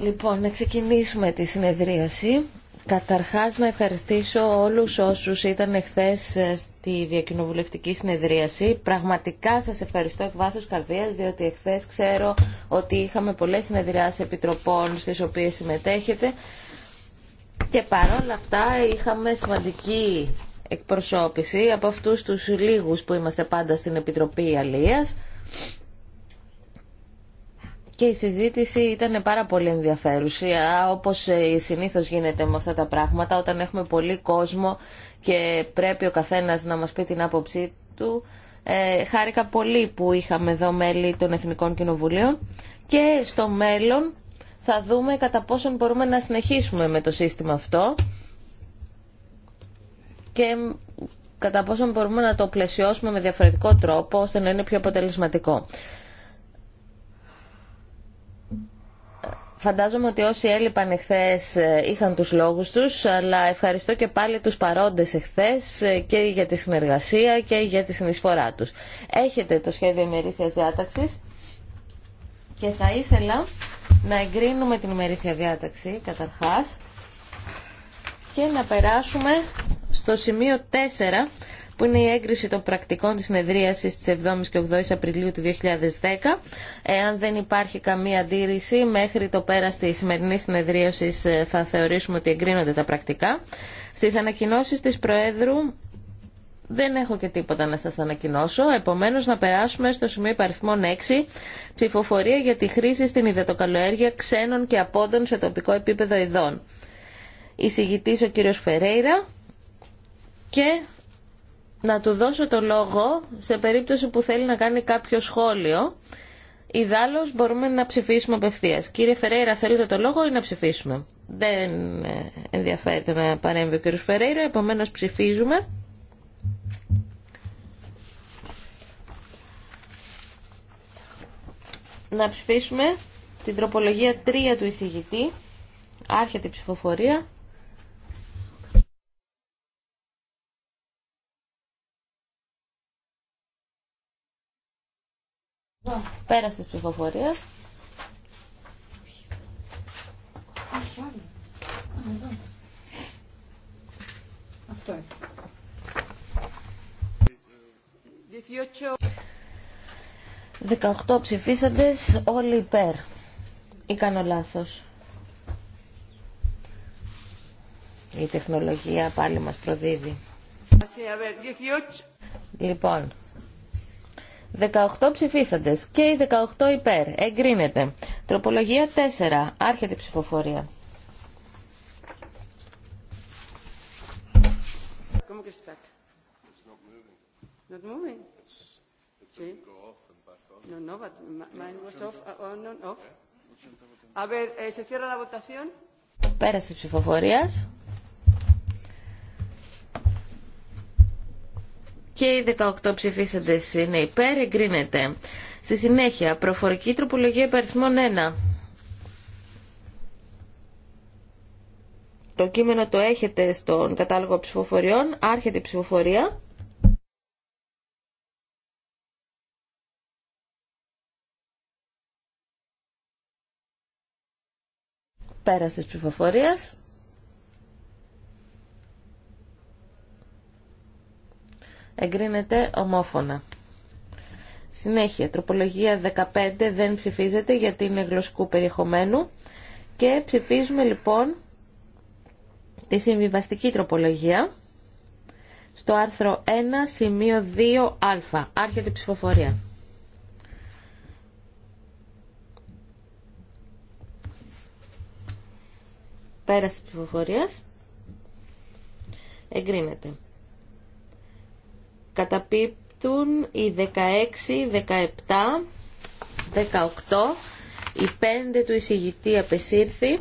Λοιπόν, να ξεκινήσουμε τη συνεδρίαση. Καταρχάς να ευχαριστήσω όλους όσους ήταν εχθές ε, στη διακοινοβουλευτική συνεδρίαση. Πραγματικά σας ευχαριστώ εκ βάθους καρδίας, διότι εχθές ξέρω ότι είχαμε πολλές συνεδριάσεις επιτροπών στις οποίες συμμετέχετε και παρόλα αυτά είχαμε σημαντική εκπροσώπηση από αυτούς τους λίγους που είμαστε πάντα στην Επιτροπή Αλίας και η συζήτηση ήταν πάρα πολύ ενδιαφέρουσα, όπως ε, συνήθως γίνεται με αυτά τα πράγματα, όταν έχουμε πολύ κόσμο και πρέπει ο καθένας να μας πει την άποψή του. Ε, χάρηκα πολύ που είχαμε εδώ μέλη των Εθνικών Κοινοβουλίων και στο μέλλον θα δούμε κατά πόσον μπορούμε να συνεχίσουμε με το σύστημα αυτό και κατά πόσον μπορούμε να το πλαισιώσουμε με διαφορετικό τρόπο ώστε να είναι πιο αποτελεσματικό. Φαντάζομαι ότι όσοι έλειπαν εχθές ε, είχαν τους λόγους τους, αλλά ευχαριστώ και πάλι τους παρόντες εχθές ε, και για τη συνεργασία και για τη συνεισφορά τους. Έχετε το σχέδιο ημερήσιας διάταξης και θα ήθελα να εγκρίνουμε την ημερήσια διάταξη καταρχάς και να περάσουμε στο σημείο 4 που είναι η έγκριση των πρακτικών της συνεδρίασης της 7ης και 8ης Απριλίου του 2010. Εάν δεν υπάρχει καμία αντίρρηση, μέχρι το πέρας της σημερινής συνεδρίασης ε, θα θεωρήσουμε ότι εγκρίνονται τα πρακτικά. Στις ανακοινώσεις της Προέδρου δεν έχω και τίποτα να σας ανακοινώσω, επομένως να περάσουμε στο σημείο υπαριθμών 6, ψηφοφορία για τη χρήση στην ιδετοκαλοέργεια ξένων και απόντων σε τοπικό επίπεδο ειδών. Εισηγητής ο κύριος Φερέιρα και να του δώσω το λόγο σε περίπτωση που θέλει να κάνει κάποιο σχόλιο. Ιδάλω μπορούμε να ψηφίσουμε απευθείας. Κύριε Φεραίρα θέλετε το λόγο ή να ψηφίσουμε. Δεν ε, ενδιαφέρεται να παρέμβει ο κύριος Φεραίρα, επομένως ψηφίζουμε. Να ψηφίσουμε την τροπολογία 3 του εισηγητή. Άρχεται η ψηφοφορία. Πέρασε η ψηφοφορία. Αυτό είναι. Δεκαοχτώ όλοι υπέρ. Ή κάνω λάθος. Η τεχνολογία πάλι μας προδίδει. Ε, ε, λοιπόν, 18 ψηφίσαντε και οι 18 υπέρ. Εγκρίνεται. Τροπολογία 4. Άρχεται η ψηφοφορία. Πέραση ψηφοφορία. και οι 18 ψηφίσαντε είναι υπέρ, εγκρίνεται. Στη συνέχεια, προφορική τροπολογία υπαριθμών 1. Το κείμενο το έχετε στον κατάλογο ψηφοφοριών, άρχεται η ψηφοφορία. Πέρασες ψηφοφορίας. Εγκρίνεται ομόφωνα. Συνέχεια, τροπολογία 15 δεν ψηφίζεται γιατί είναι γλωσσικού περιεχομένου και ψηφίζουμε λοιπόν τη συμβιβαστική τροπολογία στο άρθρο 1 σημείο 2α. Άρχεται η ψηφοφορία. Πέραση ψηφοφορίας. Εγκρίνεται. Καταπίπτουν οι 16, 17, 18, η 5 του εισηγητή απεσύρθη.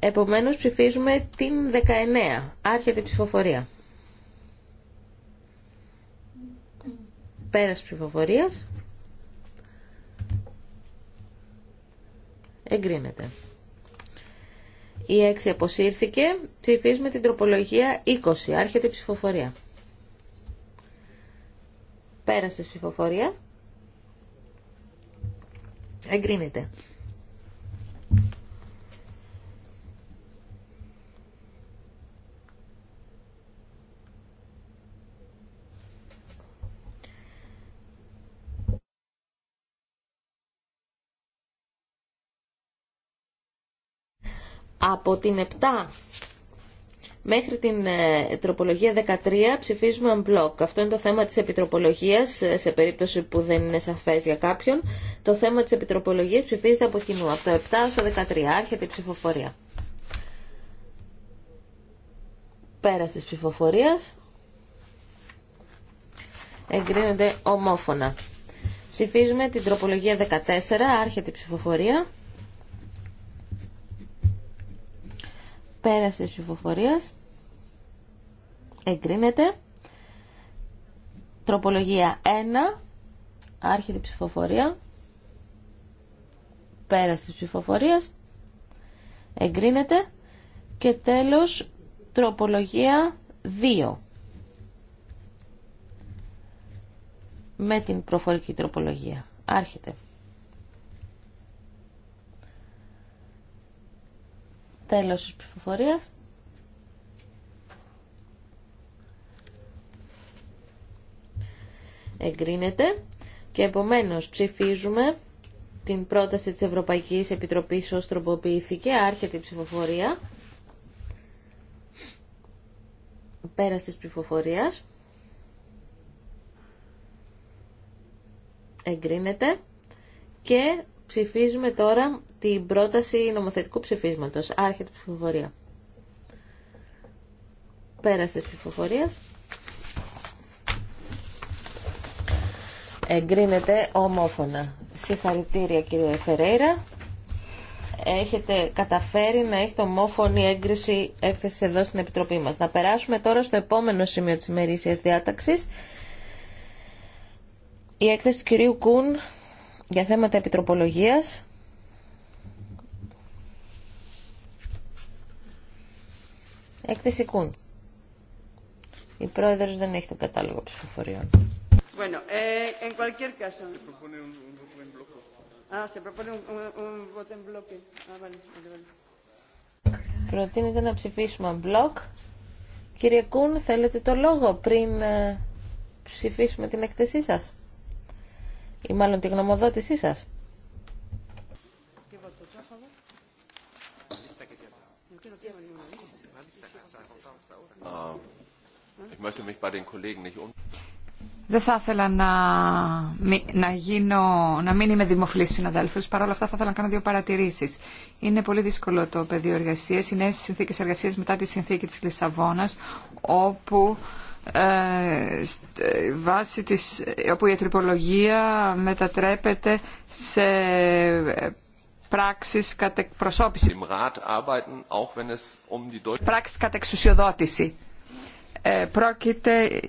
Επομένως ψηφίζουμε την 19. Άρχεται η ψηφοφορία. Πέρας ψηφοφορίας. Εγκρίνεται. Η 6 αποσύρθηκε. Ψηφίζουμε την τροπολογία 20. Άρχεται η ψηφοφορία. Πέρασε της ψηφοφόρια. Εγκρίνεται. Από την 7 Μέχρι την ε, τροπολογία 13 ψηφίζουμε μπλοκ. Αυτό είναι το θέμα της επιτροπολογίας, ε, σε περίπτωση που δεν είναι σαφές για κάποιον. Το θέμα της επιτροπολογίας ψηφίζεται από κοινού, από το 7 στο 13. Άρχεται η ψηφοφορία. Πέρας της ψηφοφορίας εγκρίνονται ομόφωνα. Ψηφίζουμε την τροπολογία 14, άρχεται η ψηφοφορία. Πέραση τη ψηφοφορίας. Εγκρίνεται. Τροπολογία 1. Άρχεται ψηφοφορία. Πέραση τη ψηφοφορίας. Εγκρίνεται. Και τέλος τροπολογία 2. με την προφορική τροπολογία. Άρχεται. Τέλος της ψηφοφορίας. Εγκρίνεται. Και επομένως ψηφίζουμε την πρόταση της Ευρωπαϊκής Επιτροπής ως τροποποιήθηκε. Άρχεται η ψηφοφορία. Πέρας της ψηφοφορίας. Εγκρίνεται. Και Ψηφίζουμε τώρα την πρόταση νομοθετικού ψηφίσματος. Άρχεται η ψηφοφορία. Πέρασε η ψηφοφορίας. Εγκρίνεται ομόφωνα. Συγχαρητήρια κύριε Φερέιρα. Έχετε καταφέρει να έχετε ομόφωνη έγκριση έκθεση εδώ στην Επιτροπή μας. Να περάσουμε τώρα στο επόμενο σημείο της ημερήσιας διάταξης. Η έκθεση του κυρίου Κούν για θέματα επιτροπολογίας. Έκθεση Κούν. Η πρόεδρο δεν έχει τον κατάλογο ψηφοφοριών. Bueno, eh, en cualquier caso. Se propone un, un, en bloque. Ah, se propone un, un, un voto en bloque. Ah, vale, vale, vale. Προτείνεται να ψηφίσουμε μπλοκ. Κύριε Κούν, θέλετε το λόγο πριν ε, ψηφίσουμε την έκθεσή σας ή μάλλον τη γνωμοδότησή σας. Δεν θα ήθελα να, γίνω, να μην είμαι δημοφιλή στου συναδέλφου. Παρ' όλα αυτά, θα ήθελα να κάνω δύο παρατηρήσει. Είναι πολύ δύσκολο το πεδίο εργασία. Οι νέε συνθήκε εργασία μετά τη συνθήκη τη Λισαβόνα, όπου ε, ε, βάση της, όπου η ετρυπολογία μετατρέπεται σε ε, πράξεις κατ' εκπροσώπηση, um πράξεις κατ' εξουσιοδότηση. πρόκειται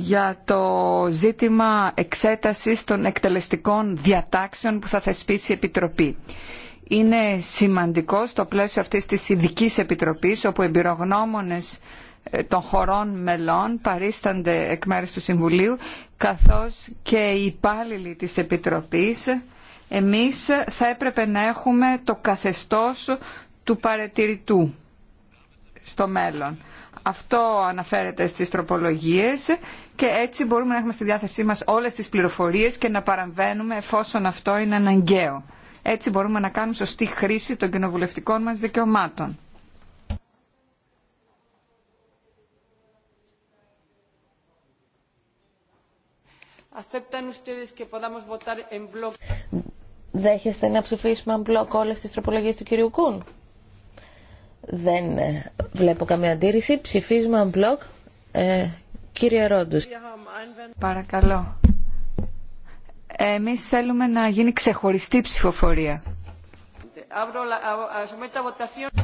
για το ζήτημα εξέτασης των εκτελεστικών διατάξεων που θα θεσπίσει η Επιτροπή είναι σημαντικό στο πλαίσιο αυτής της ειδική επιτροπής όπου εμπειρογνώμονες των χωρών μελών παρίστανται εκ μέρους του Συμβουλίου καθώς και οι υπάλληλοι της Επιτροπής εμείς θα έπρεπε να έχουμε το καθεστώς του παρατηρητού στο μέλλον. Αυτό αναφέρεται στις τροπολογίες και έτσι μπορούμε να έχουμε στη διάθεσή μας όλες τις πληροφορίες και να παραμβαίνουμε εφόσον αυτό είναι αναγκαίο. Έτσι μπορούμε να κάνουμε σωστή χρήση των κοινοβουλευτικών μας δικαιωμάτων. Δέχεστε να ψηφίσουμε αν μπλοκ όλες τις τροπολογίες του κυρίου Κούν. Δεν ε, βλέπω καμία αντίρρηση. Ψηφίζουμε αν μπλοκ. Ε, κύριε Ρόντου. Παρακαλώ. Εμείς θέλουμε να γίνει ξεχωριστή ψηφοφορία.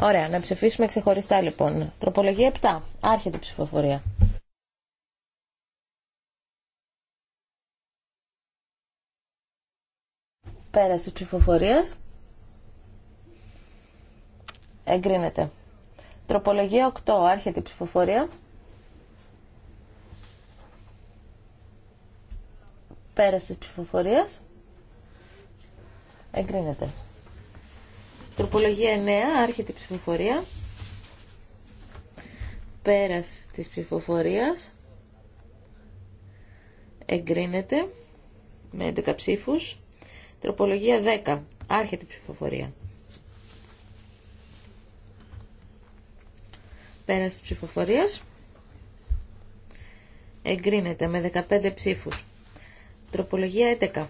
Ωραία, να ψηφίσουμε ξεχωριστά λοιπόν. Τροπολογία 7. Άρχεται η ψηφοφορία. πέρα της ψηφοφορίας. Εγκρίνεται. Τροπολογία 8. Άρχεται η ψηφοφορία. Πέρας της ψηφοφορίας. Εγκρίνεται. Τροπολογία 9. Άρχεται η ψηφοφορία. Πέρας της ψηφοφορίας. Εγκρίνεται με 11 ψήφους. Τροπολογία 10. Άρχεται η ψηφοφορία. Πέραση τη ψηφοφορία. Εγκρίνεται με 15 ψήφου. Τροπολογία 11.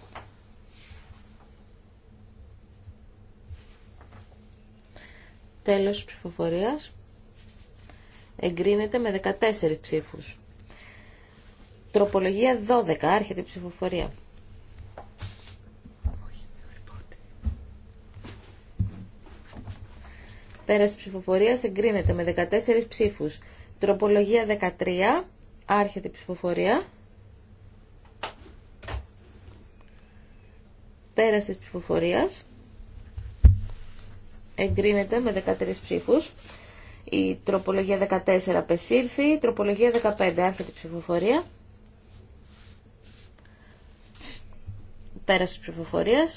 Τέλος ψηφοφορίας. Εγκρίνεται με 14 ψήφους. Τροπολογία 12. Άρχεται η ψηφοφορία. Πέραση ψηφοφορία εγκρίνεται με 14 ψήφους. Τροπολογία 13, άρχεται η ψηφοφορία. Πέραση ψηφοφορία. εγκρίνεται με 13 ψήφους. Η τροπολογία 14 απεσύρθη. τροπολογία 15 άρχεται η ψηφοφορία. Πέραση ψηφοφορία.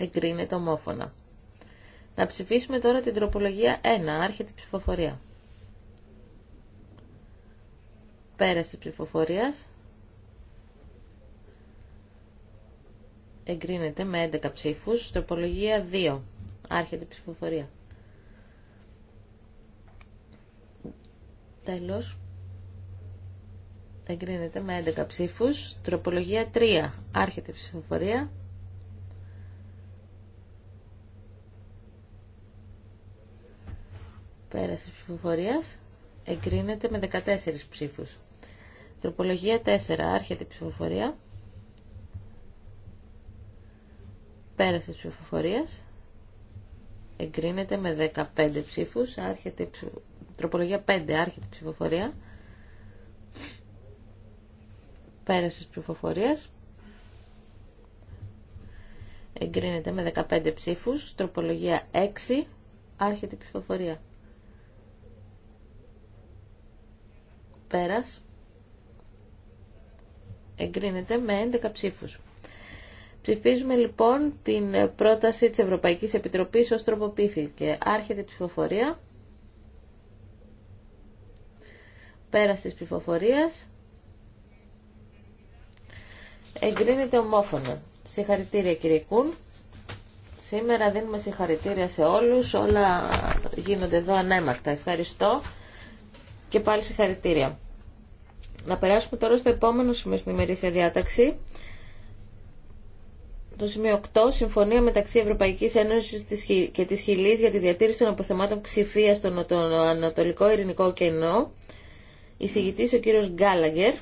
Εγκρίνεται ομόφωνα. Να ψηφίσουμε τώρα την τροπολογία 1, άρχεται η ψηφοφορία. Πέραση ψηφοφορίας. Εγκρίνεται με 11 ψήφους. Τροπολογία 2, άρχεται η ψηφοφορία. Τέλος. Εγκρίνεται με 11 ψήφους. Τροπολογία 3, άρχεται η ψηφοφορία. Πέραση ψηφοφορίας. Εγκρίνεται με 14 ψήφους. Τροπολογία 4. Άρχεται η ψηφοφορία. Πέραση ψηφοφορίας. Εγκρίνεται με 15 ψήφους. Άρχεται ψηφο... Τροπολογία 5. Άρχεται η ψηφοφορία. Πέραση ψηφοφορίας. Εγκρίνεται με 15 ψήφους. Τροπολογία 6. Άρχεται η ψηφοφορία. Πέρας. Εγκρίνεται με 11 ψήφους. Ψηφίζουμε λοιπόν την πρόταση της Ευρωπαϊκής Επιτροπής ως τροποποιήθηκε. Άρχεται η ψηφοφορία. Πέρας της ψηφοφορίας. Εγκρίνεται ομόφωνα. Συγχαρητήρια κύριε Κούν. Σήμερα δίνουμε συγχαρητήρια σε όλους. Όλα γίνονται εδώ ανέμακτα. Ευχαριστώ και πάλι συγχαρητήρια. Να περάσουμε τώρα στο επόμενο σημείο στην ημερήσια διάταξη. Το σημείο 8. Συμφωνία μεταξύ Ευρωπαϊκή Ένωση και τη Χιλή για τη διατήρηση των αποθεμάτων ψηφία στον Ανατολικό Ειρηνικό Κενό. Εισηγητή ο κύριο Γκάλαγκερ.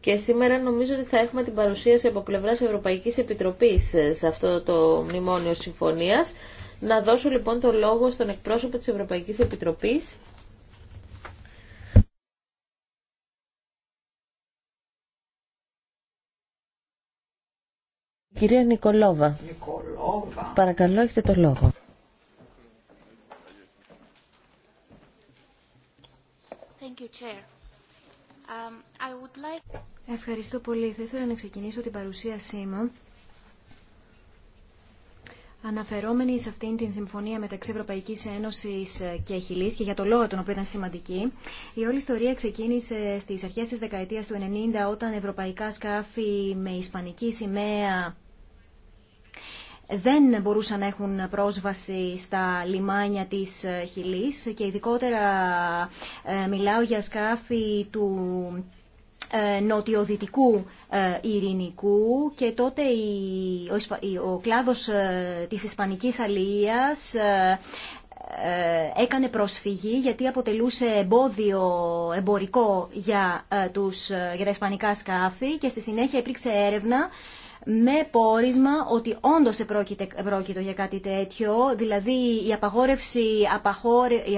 Και σήμερα νομίζω ότι θα έχουμε την παρουσίαση από πλευρά Ευρωπαϊκή Επιτροπή ε, σε αυτό το μνημόνιο συμφωνία. Να δώσω λοιπόν το λόγο στον εκπρόσωπο της Ευρωπαϊκής Επιτροπής. Κυρία Νικολόβα. Νικολόβα. Παρακαλώ, έχετε το λόγο. Um, Ευχαριστώ πολύ. Θα ήθελα να ξεκινήσω την παρουσίασή μου Αναφερόμενοι σε αυτήν την συμφωνία μεταξύ Ευρωπαϊκής Ένωσης και Χιλής και για το λόγο τον οποίο ήταν σημαντική, η όλη ιστορία ξεκίνησε στις αρχές της δεκαετίας του 90 όταν ευρωπαϊκά σκάφη με ισπανική σημαία δεν μπορούσαν να έχουν πρόσβαση στα λιμάνια της Χιλής και ειδικότερα ε, μιλάω για σκάφη του ε, νοτιοδυτικού ε, ειρηνικού και τότε ο κλάδος ε, της Ισπανικής Αλίας έκανε προσφυγή γιατί αποτελούσε εμπόδιο εμπορικό για, τους, για τα ισπανικά σκάφη και στη συνέχεια υπήρξε έρευνα με πόρισμα ότι όντως πρόκειται για κάτι τέτοιο, δηλαδή η απαγόρευση,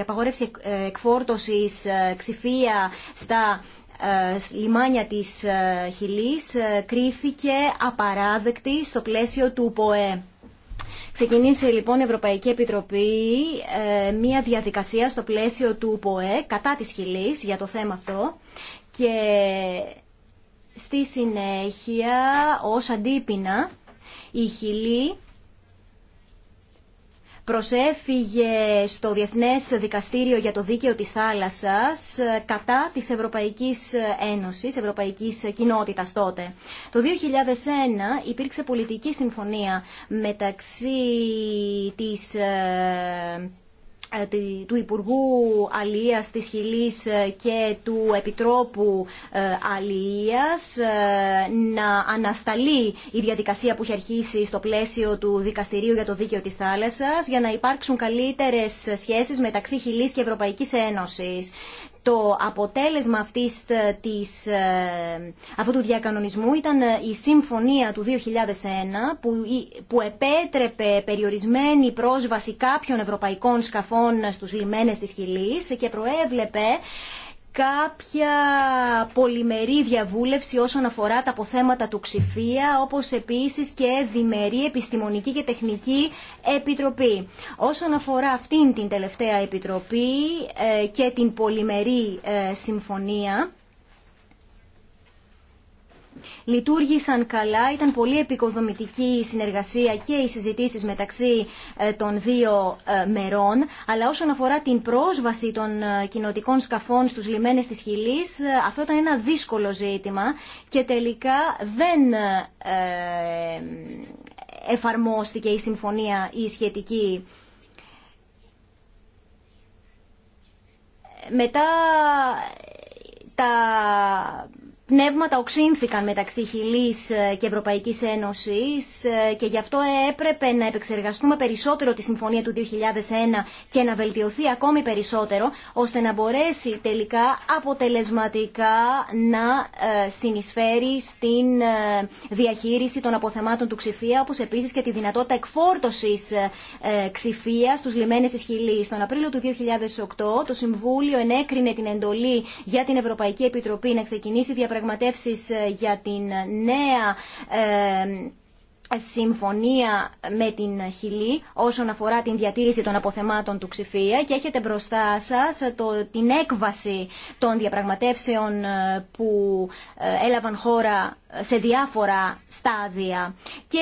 απαγόρευση εκφόρτωσης ξηφία στα ε, λιμάνια της ε, Χιλής ε, κρίθηκε απαράδεκτη στο πλαίσιο του ΠΟΕ. Ξεκινήσε λοιπόν η Ευρωπαϊκή Επιτροπή μία διαδικασία στο πλαίσιο του ΠΟΕ κατά της Χιλής για το θέμα αυτό και στη συνέχεια ως αντίπεινα η Χιλή προσέφυγε στο Διεθνές Δικαστήριο για το Δίκαιο της Θάλασσας ε, κατά της Ευρωπαϊκής Ένωσης, Ευρωπαϊκής Κοινότητας τότε. Το 2001 υπήρξε πολιτική συμφωνία μεταξύ της ε, ε, του Υπουργού Αλίας της Χιλής ε, και του Επιτρόπου ε, Αλίας να ανασταλεί η διαδικασία που έχει αρχίσει στο πλαίσιο του Δικαστηρίου για το Δίκαιο της Θάλασσας για να υπάρξουν καλύτερες σχέσεις μεταξύ Χιλής και Ευρωπαϊκής Ένωσης το αποτέλεσμα αυτής ε, της, ε, αυτού του διακανονισμού ήταν ε, η συμφωνία του 2001 που, που επέτρεπε περιορισμένη πρόσβαση κάποιων ευρωπαϊκών σκαφών στους λιμένες της Χιλής και προέβλεπε κάποια πολυμερή διαβούλευση όσον αφορά τα αποθέματα του ξηφία, όπως επίσης και διμερή επιστημονική και τεχνική επιτροπή. Όσον αφορά αυτήν την τελευταία επιτροπή ε, και την πολυμερή ε, συμφωνία, λειτουργήσαν καλά. Ήταν πολύ επικοδομητική η συνεργασία και οι συζητήσεις μεταξύ ε, των δύο ε, μερών. Αλλά όσον αφορά την πρόσβαση των ε, κοινοτικών σκαφών στους λιμένες της Χιλής, αυτό ήταν ένα δύσκολο ζήτημα και τελικά δεν εφαρμόστηκε η συμφωνία η σχετική μετά τα πνεύματα οξύνθηκαν μεταξύ Χιλής ε, και Ευρωπαϊκής Ένωσης ε, και γι' αυτό έπρεπε να επεξεργαστούμε περισσότερο τη συμφωνία του 2001 και να βελτιωθεί ακόμη περισσότερο ώστε να μπορέσει τελικά αποτελεσματικά να ε, συνεισφέρει στην διαχείριση των αποθεμάτων του ξηφία όπως επίσης και τη δυνατότητα εκφόρτωσης ξηφία στους λιμένες της Χιλής. Τον Απρίλιο του 2008 το Συμβούλιο ενέκρινε την εντολή για την Ευρωπαϊκή Επιτροπή να ξεκινήσει διαπραγματεύσεις ε, για την νέα ε, συμφωνία με την Χιλή όσον αφορά την διατήρηση των αποθεμάτων του Ξηφία και έχετε μπροστά σας ε, το, την έκβαση των διαπραγματεύσεων που έλαβαν χώρα σε διάφορα στάδια. Και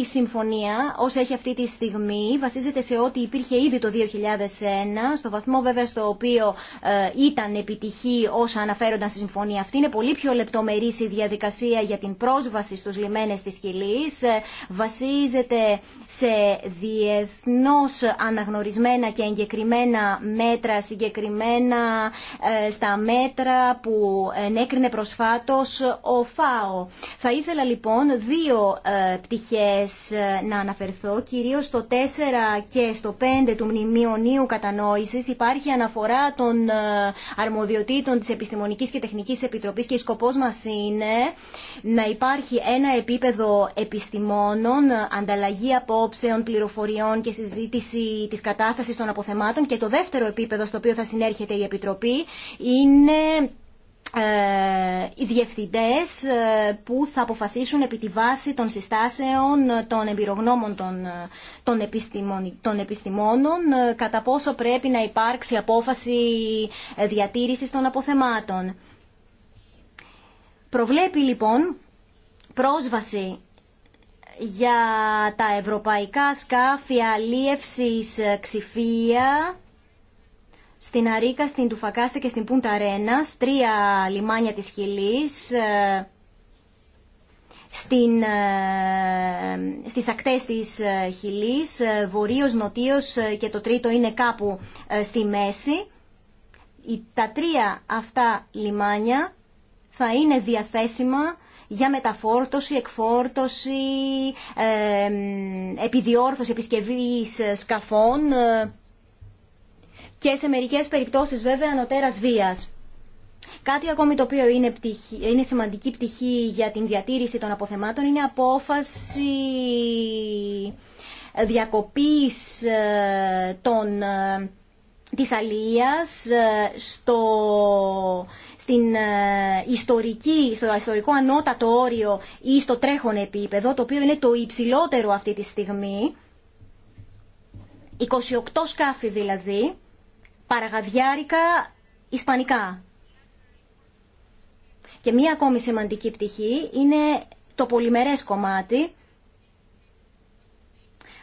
η συμφωνία, όσα έχει αυτή τη στιγμή, βασίζεται σε ό,τι υπήρχε ήδη το 2001, στο βαθμό βέβαια στο οποίο ε, ήταν επιτυχή όσα αναφέρονταν στη συμφωνία αυτή. Είναι πολύ πιο λεπτομερής η διαδικασία για την πρόσβαση στους λιμένες της Χιλής. Ε, βασίζεται σε διεθνώς αναγνωρισμένα και εγκεκριμένα μέτρα, συγκεκριμένα ε, στα μέτρα που ενέκρινε προσφάτως ο ΦΑΟ. Θα ήθελα λοιπόν δύο ε, πτυχές ε, να αναφερθώ, κυρίως στο 4 και στο 5 του Μνημειονίου Κατανόησης υπάρχει αναφορά των ε, αρμοδιοτήτων της Επιστημονικής και Τεχνικής Επιτροπής και σκοπός μας είναι να υπάρχει ένα επίπεδο επιστημόνων, ανταλλαγή απόψεων, πληροφοριών και συζήτηση της κατάστασης των αποθεμάτων και το δεύτερο επίπεδο στο οποίο θα συνέρχεται η Επιτροπή είναι ε, οι διευθυντές ε, που θα αποφασίσουν επί τη βάση των συστάσεων ε, των εμπειρογνώμων των, επιστημόνων κατά πόσο πρέπει να υπάρξει απόφαση διατήρησης των αποθεμάτων. Προβλέπει λοιπόν πρόσβαση για τα ευρωπαϊκά σκάφη αλίευσης ξηφία στην Αρίκα, στην Τουφακάστα και στην Πούντα Ρένα, τρία λιμάνια της Χιλής, ε, στην, ε, στις ακτές της ε, Χιλής, βορείος, νοτίος και το τρίτο είναι κάπου στη μέση. Τα τρία αυτά λιμάνια θα είναι διαθέσιμα για μεταφόρτωση, εκφόρτωση, επιδιόρθωση, επισκευής σκαφών και σε μερικές περιπτώσεις βέβαια ανωτέρας βίας. Κάτι ακόμη το οποίο είναι, είναι σημαντική πτυχή για την διατήρηση των αποθεμάτων είναι απόφαση διακοπής ε, των, ε, της αλίας ε, στο, στην ιστορική, στο ιστορικό ανώτατο όριο ή στο τρέχον επίπεδο, το οποίο είναι το υψηλότερο αυτή τη στιγμή, 28 σκάφη δηλαδή, παραγαδιάρικα ισπανικά. Και μία ακόμη σημαντική πτυχή είναι το πολυμερές κομμάτι.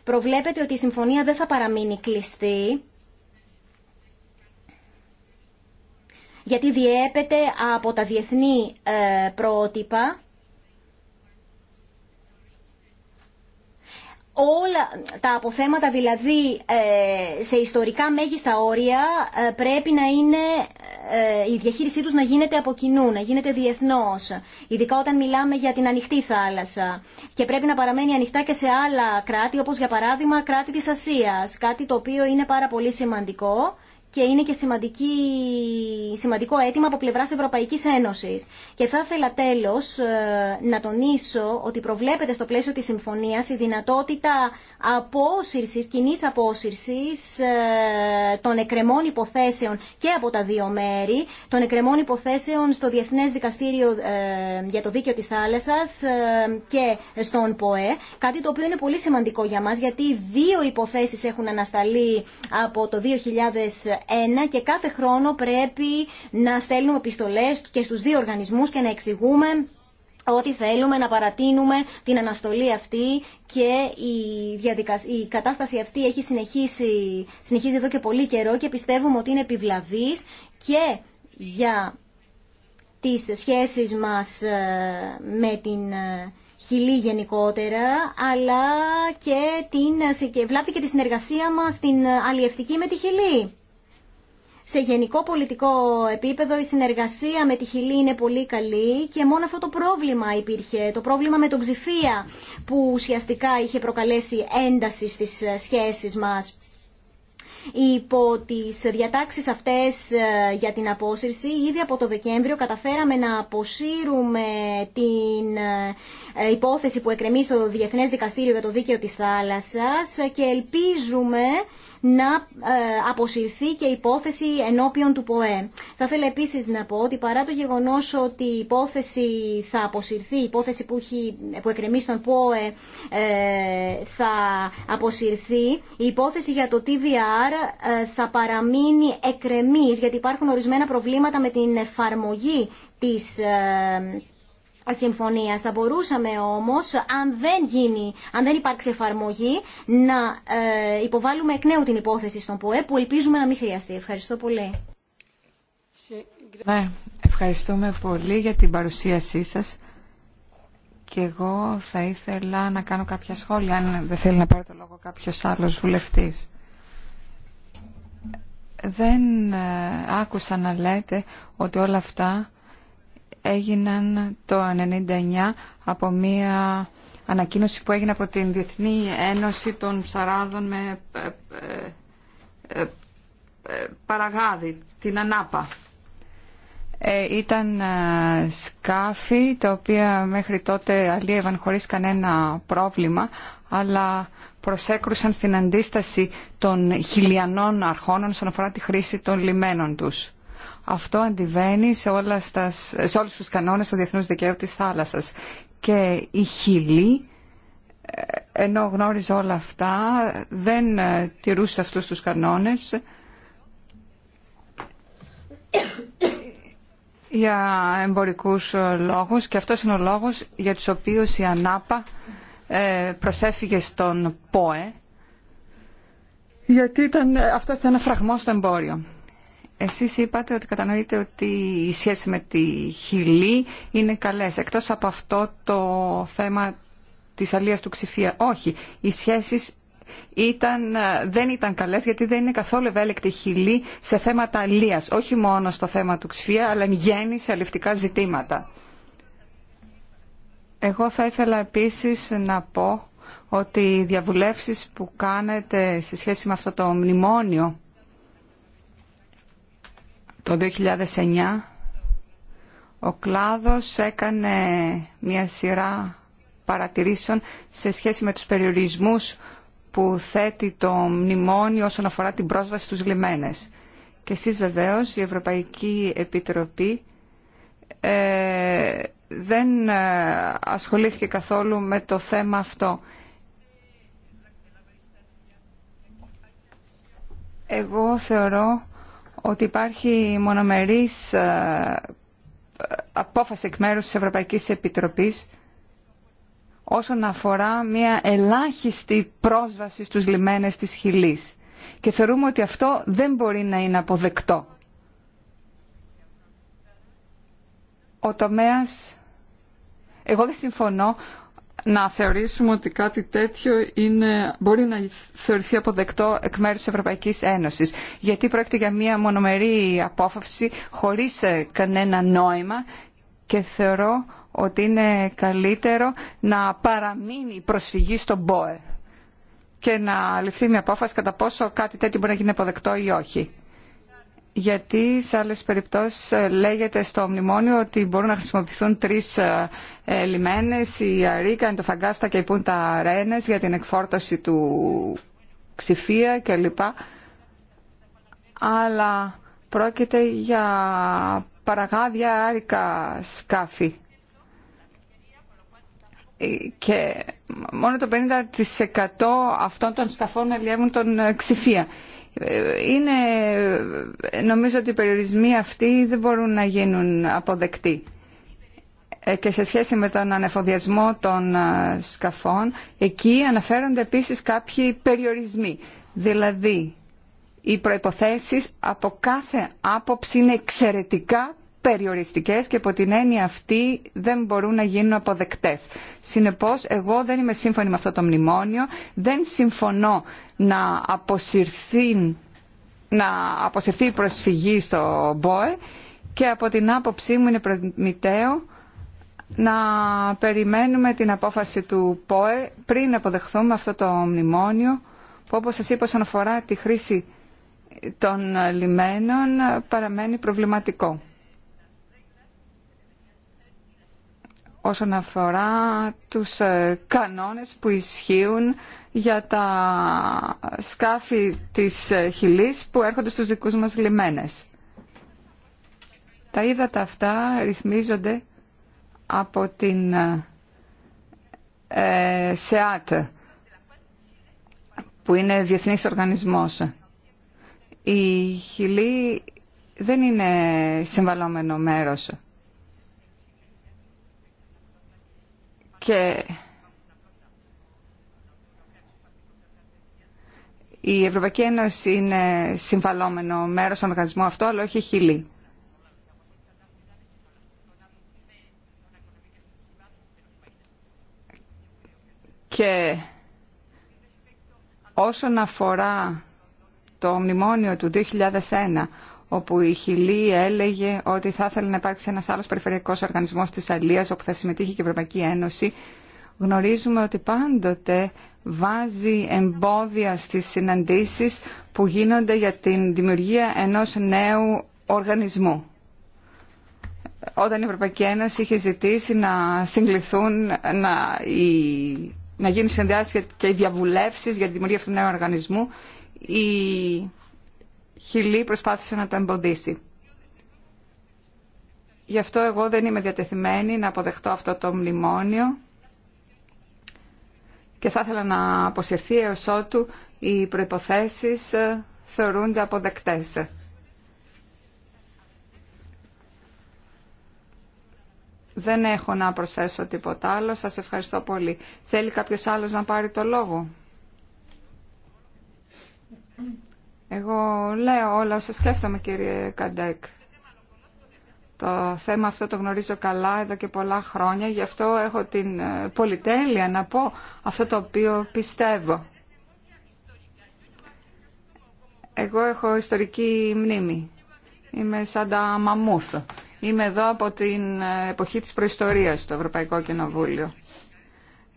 Προβλέπεται ότι η συμφωνία δεν θα παραμείνει κλειστή, γιατί διέπεται από τα διεθνή ε, πρότυπα όλα τα αποθέματα δηλαδή ε, σε ιστορικά μέγιστα όρια ε, πρέπει να είναι ε, η διαχείρισή τους να γίνεται από κοινού, να γίνεται διεθνώς ειδικά όταν μιλάμε για την ανοιχτή θάλασσα και πρέπει να παραμένει ανοιχτά και σε άλλα κράτη όπως για παράδειγμα κράτη της Ασίας κάτι το οποίο είναι πάρα πολύ σημαντικό και είναι και σημαντική, σημαντικό αίτημα από πλευράς Ευρωπαϊκής Ένωσης. Και θα ήθελα τέλος ε, να τονίσω ότι προβλέπεται στο πλαίσιο της συμφωνίας η δυνατότητα απόσυρσης, κοινής απόσυρσης ε, των εκκρεμών υποθέσεων και από τα δύο μέρη, των εκκρεμών υποθέσεων στο Διεθνές Δικαστήριο ε, για το Δίκαιο της Θάλασσας και στον ΠΟΕ, κάτι το οποίο είναι πολύ σημαντικό για μας γιατί δύο υποθέσεις έχουν ανασταλεί από το 2000 ένα και κάθε χρόνο πρέπει να στέλνουμε επιστολές και στους δύο οργανισμούς και να εξηγούμε ότι θέλουμε να παρατείνουμε την αναστολή αυτή και η, η κατάσταση αυτή έχει συνεχίσει, συνεχίζει εδώ και πολύ καιρό και πιστεύουμε ότι είναι επιβλαβής και για τις σχέσεις μας ε, με την ε, χιλή γενικότερα, αλλά και την, ε, και βλάπτει και τη συνεργασία μας στην αλλιευτική με τη χιλή. Σε γενικό πολιτικό επίπεδο η συνεργασία με τη Χιλή είναι πολύ καλή και μόνο αυτό το πρόβλημα υπήρχε, το πρόβλημα με τον Ξηφία που ουσιαστικά είχε προκαλέσει ένταση στις ε, σχέσεις μας. Υπό τις διατάξεις αυτές ε, για την απόσυρση, ήδη από το Δεκέμβριο καταφέραμε να αποσύρουμε την ε, υπόθεση που εκκρεμεί στο Διεθνές Δικαστήριο για το Δίκαιο της Θάλασσας και ελπίζουμε να ε, αποσυρθεί και η υπόθεση ενώπιον του ΠΟΕ. Θα ήθελα επίση να πω ότι παρά το γεγονό ότι η υπόθεση θα αποσυρθεί, η υπόθεση που, έχει, που εκκρεμεί στον ΠΟΕ ε, θα αποσυρθεί, η υπόθεση για το TVR ε, θα παραμείνει εκκρεμή, γιατί υπάρχουν ορισμένα προβλήματα με την εφαρμογή της συμφωνίας. Θα μπορούσαμε όμως, αν δεν, γίνει, αν δεν υπάρξει εφαρμογή, να ε, υποβάλουμε εκ νέου την υπόθεση στον ΠΟΕ, που ελπίζουμε να μην χρειαστεί. Ευχαριστώ πολύ. Ναι, ευχαριστούμε πολύ για την παρουσίασή σας. Και εγώ θα ήθελα να κάνω κάποια σχόλια, αν δεν θέλει να πάρει το λόγο κάποιος άλλος βουλευτής. Δεν ε, άκουσα να λέτε ότι όλα αυτά έγιναν το 1999 από μία ανακοίνωση που έγινε από την Διεθνή Ένωση των Ψαράδων με ε, ε, ε, παραγάδι, την Ανάπα. Ήταν σκάφη τα οποία μέχρι τότε αλίευαν χωρίς κανένα πρόβλημα αλλά προσέκρουσαν στην αντίσταση των χιλιανών αρχών όσον αφορά τη χρήση των λιμένων τους. Αυτό αντιβαίνει σε, όλα στα, σε όλους τους κανόνες του διεθνούς δικαίου της θάλασσας. Και η Χιλή, ε, ενώ γνώριζε όλα αυτά, δεν ε, τηρούσε αυτούς τους κανόνες για εμπορικούς ε, λόγους και αυτός είναι ο λόγος για τους οποίους η ΑΝΑΠΑ προσέφυγε στον ΠΟΕ γιατί ήταν, αυτό ήταν ένα φραγμό στο εμπόριο. Εσείς είπατε ότι κατανοείτε ότι οι σχέσεις με τη Χιλή είναι καλές. Εκτός από αυτό το θέμα της αλίας του Ξηφία. Όχι, οι σχέσεις ήταν, δεν ήταν καλές γιατί δεν είναι καθόλου ευέλικτη χιλή σε θέματα αλίας. Όχι μόνο στο θέμα του Ξηφία, αλλά γέννη σε αληφτικά ζητήματα. Εγώ θα ήθελα επίσης να πω ότι οι διαβουλεύσεις που κάνετε σε σχέση με αυτό το μνημόνιο το 2009 ο κλάδος έκανε μια σειρά παρατηρήσεων σε σχέση με τους περιορισμούς που θέτει το μνημόνιο όσον αφορά την πρόσβαση στους λιμένες. Και εσείς βεβαίως η Ευρωπαϊκή Επιτροπή ε, δεν ε, ασχολήθηκε καθόλου με το θέμα αυτό. Εγώ θεωρώ ότι υπάρχει μονομερής ε, απόφαση εκ μέρους της Ευρωπαϊκής Επιτροπής όσον αφορά μια ελάχιστη πρόσβαση στους λιμένες της Χιλής. Και θεωρούμε ότι αυτό δεν μπορεί να είναι αποδεκτό. Ο τομέας... Εγώ δεν συμφωνώ να θεωρήσουμε ότι κάτι τέτοιο είναι, μπορεί να θεωρηθεί αποδεκτό εκ μέρους τη Ευρωπαϊκής Ένωσης. Γιατί πρόκειται για μια μονομερή απόφαση χωρίς ε, κανένα νόημα και θεωρώ ότι είναι καλύτερο να παραμείνει η προσφυγή στον ΠΟΕ και να ληφθεί μια απόφαση κατά πόσο κάτι τέτοιο μπορεί να γίνει αποδεκτό ή όχι γιατί σε άλλες περιπτώσεις ε, λέγεται στο μνημόνιο ότι μπορούν να χρησιμοποιηθούν τρεις ε, ε, λιμένες, η Αρίκα, η φαγκάστα και η Πούντα Ρένες για την εκφόρτωση του ξηφία κλπ. Αλλά πρόκειται για παραγάδια άρικα σκάφη. Και μόνο το 50% αυτών των σκαφών ελιεύουν τον ξηφία είναι, νομίζω ότι οι περιορισμοί αυτοί δεν μπορούν να γίνουν αποδεκτοί. Ε, και σε σχέση με τον ανεφοδιασμό των ε, σκαφών, εκεί αναφέρονται επίσης κάποιοι περιορισμοί. Δηλαδή, οι προϋποθέσεις από κάθε άποψη είναι εξαιρετικά περιοριστικές και από την έννοια αυτή δεν μπορούν να γίνουν αποδεκτές. Συνεπώς, εγώ δεν είμαι σύμφωνη με αυτό το μνημόνιο, δεν συμφωνώ να αποσυρθεί, να η προσφυγή στο ΜΠΟΕ και από την άποψή μου είναι προτιμητέο να περιμένουμε την απόφαση του ΠΟΕ πριν αποδεχθούμε αυτό το μνημόνιο που όπως σας είπα όσον αφορά τη χρήση των λιμένων παραμένει προβληματικό. όσον αφορά τους ε, κανόνες που ισχύουν για τα σκάφη της ε, Χιλής που έρχονται στους δικούς μας λιμένες. Τα ύδατα αυτά ρυθμίζονται από την ε, ΣΕΑΤ που είναι διεθνής οργανισμός. Η Χιλή δεν είναι συμβαλόμενο μέρος και η Ευρωπαϊκή Ένωση είναι συμβαλόμενο μέρος στον οργανισμό αυτό, αλλά όχι Χιλή. Και όσον αφορά το μνημόνιο του 2001, όπου η Χιλή έλεγε ότι θα ήθελε να υπάρξει ένας άλλος περιφερειακός οργανισμός της Αλίας όπου θα συμμετείχε και η Ευρωπαϊκή Ένωση, γνωρίζουμε ότι πάντοτε βάζει εμπόδια στις συναντήσεις που γίνονται για την δημιουργία ενός νέου οργανισμού. Όταν η Ευρωπαϊκή Ένωση είχε ζητήσει να συγκληθούν, να, η, να γίνουν συνδυάσεις και οι διαβουλεύσεις για τη δημιουργία αυτού του νέου οργανισμού, η Χιλή προσπάθησε να το εμποδίσει. Γι' αυτό εγώ δεν είμαι διατεθειμένη να αποδεχτώ αυτό το μνημόνιο και θα ήθελα να αποσυρθεί έως ότου οι προϋποθέσεις ε, θεωρούνται αποδεκτές. Δεν έχω να προσθέσω τίποτα άλλο. Σας ευχαριστώ πολύ. Θέλει κάποιος άλλος να πάρει το λόγο. Εγώ λέω όλα όσα σκέφτομαι κύριε Καντέκ. Το θέμα αυτό το γνωρίζω καλά εδώ και πολλά χρόνια, γι' αυτό έχω την ε, πολυτέλεια να πω αυτό το οποίο πιστεύω. Εγώ έχω ιστορική μνήμη. Είμαι σαν τα μαμούθ. Είμαι εδώ από την ε, εποχή της προϊστορίας στο Ευρωπαϊκό Κοινοβούλιο.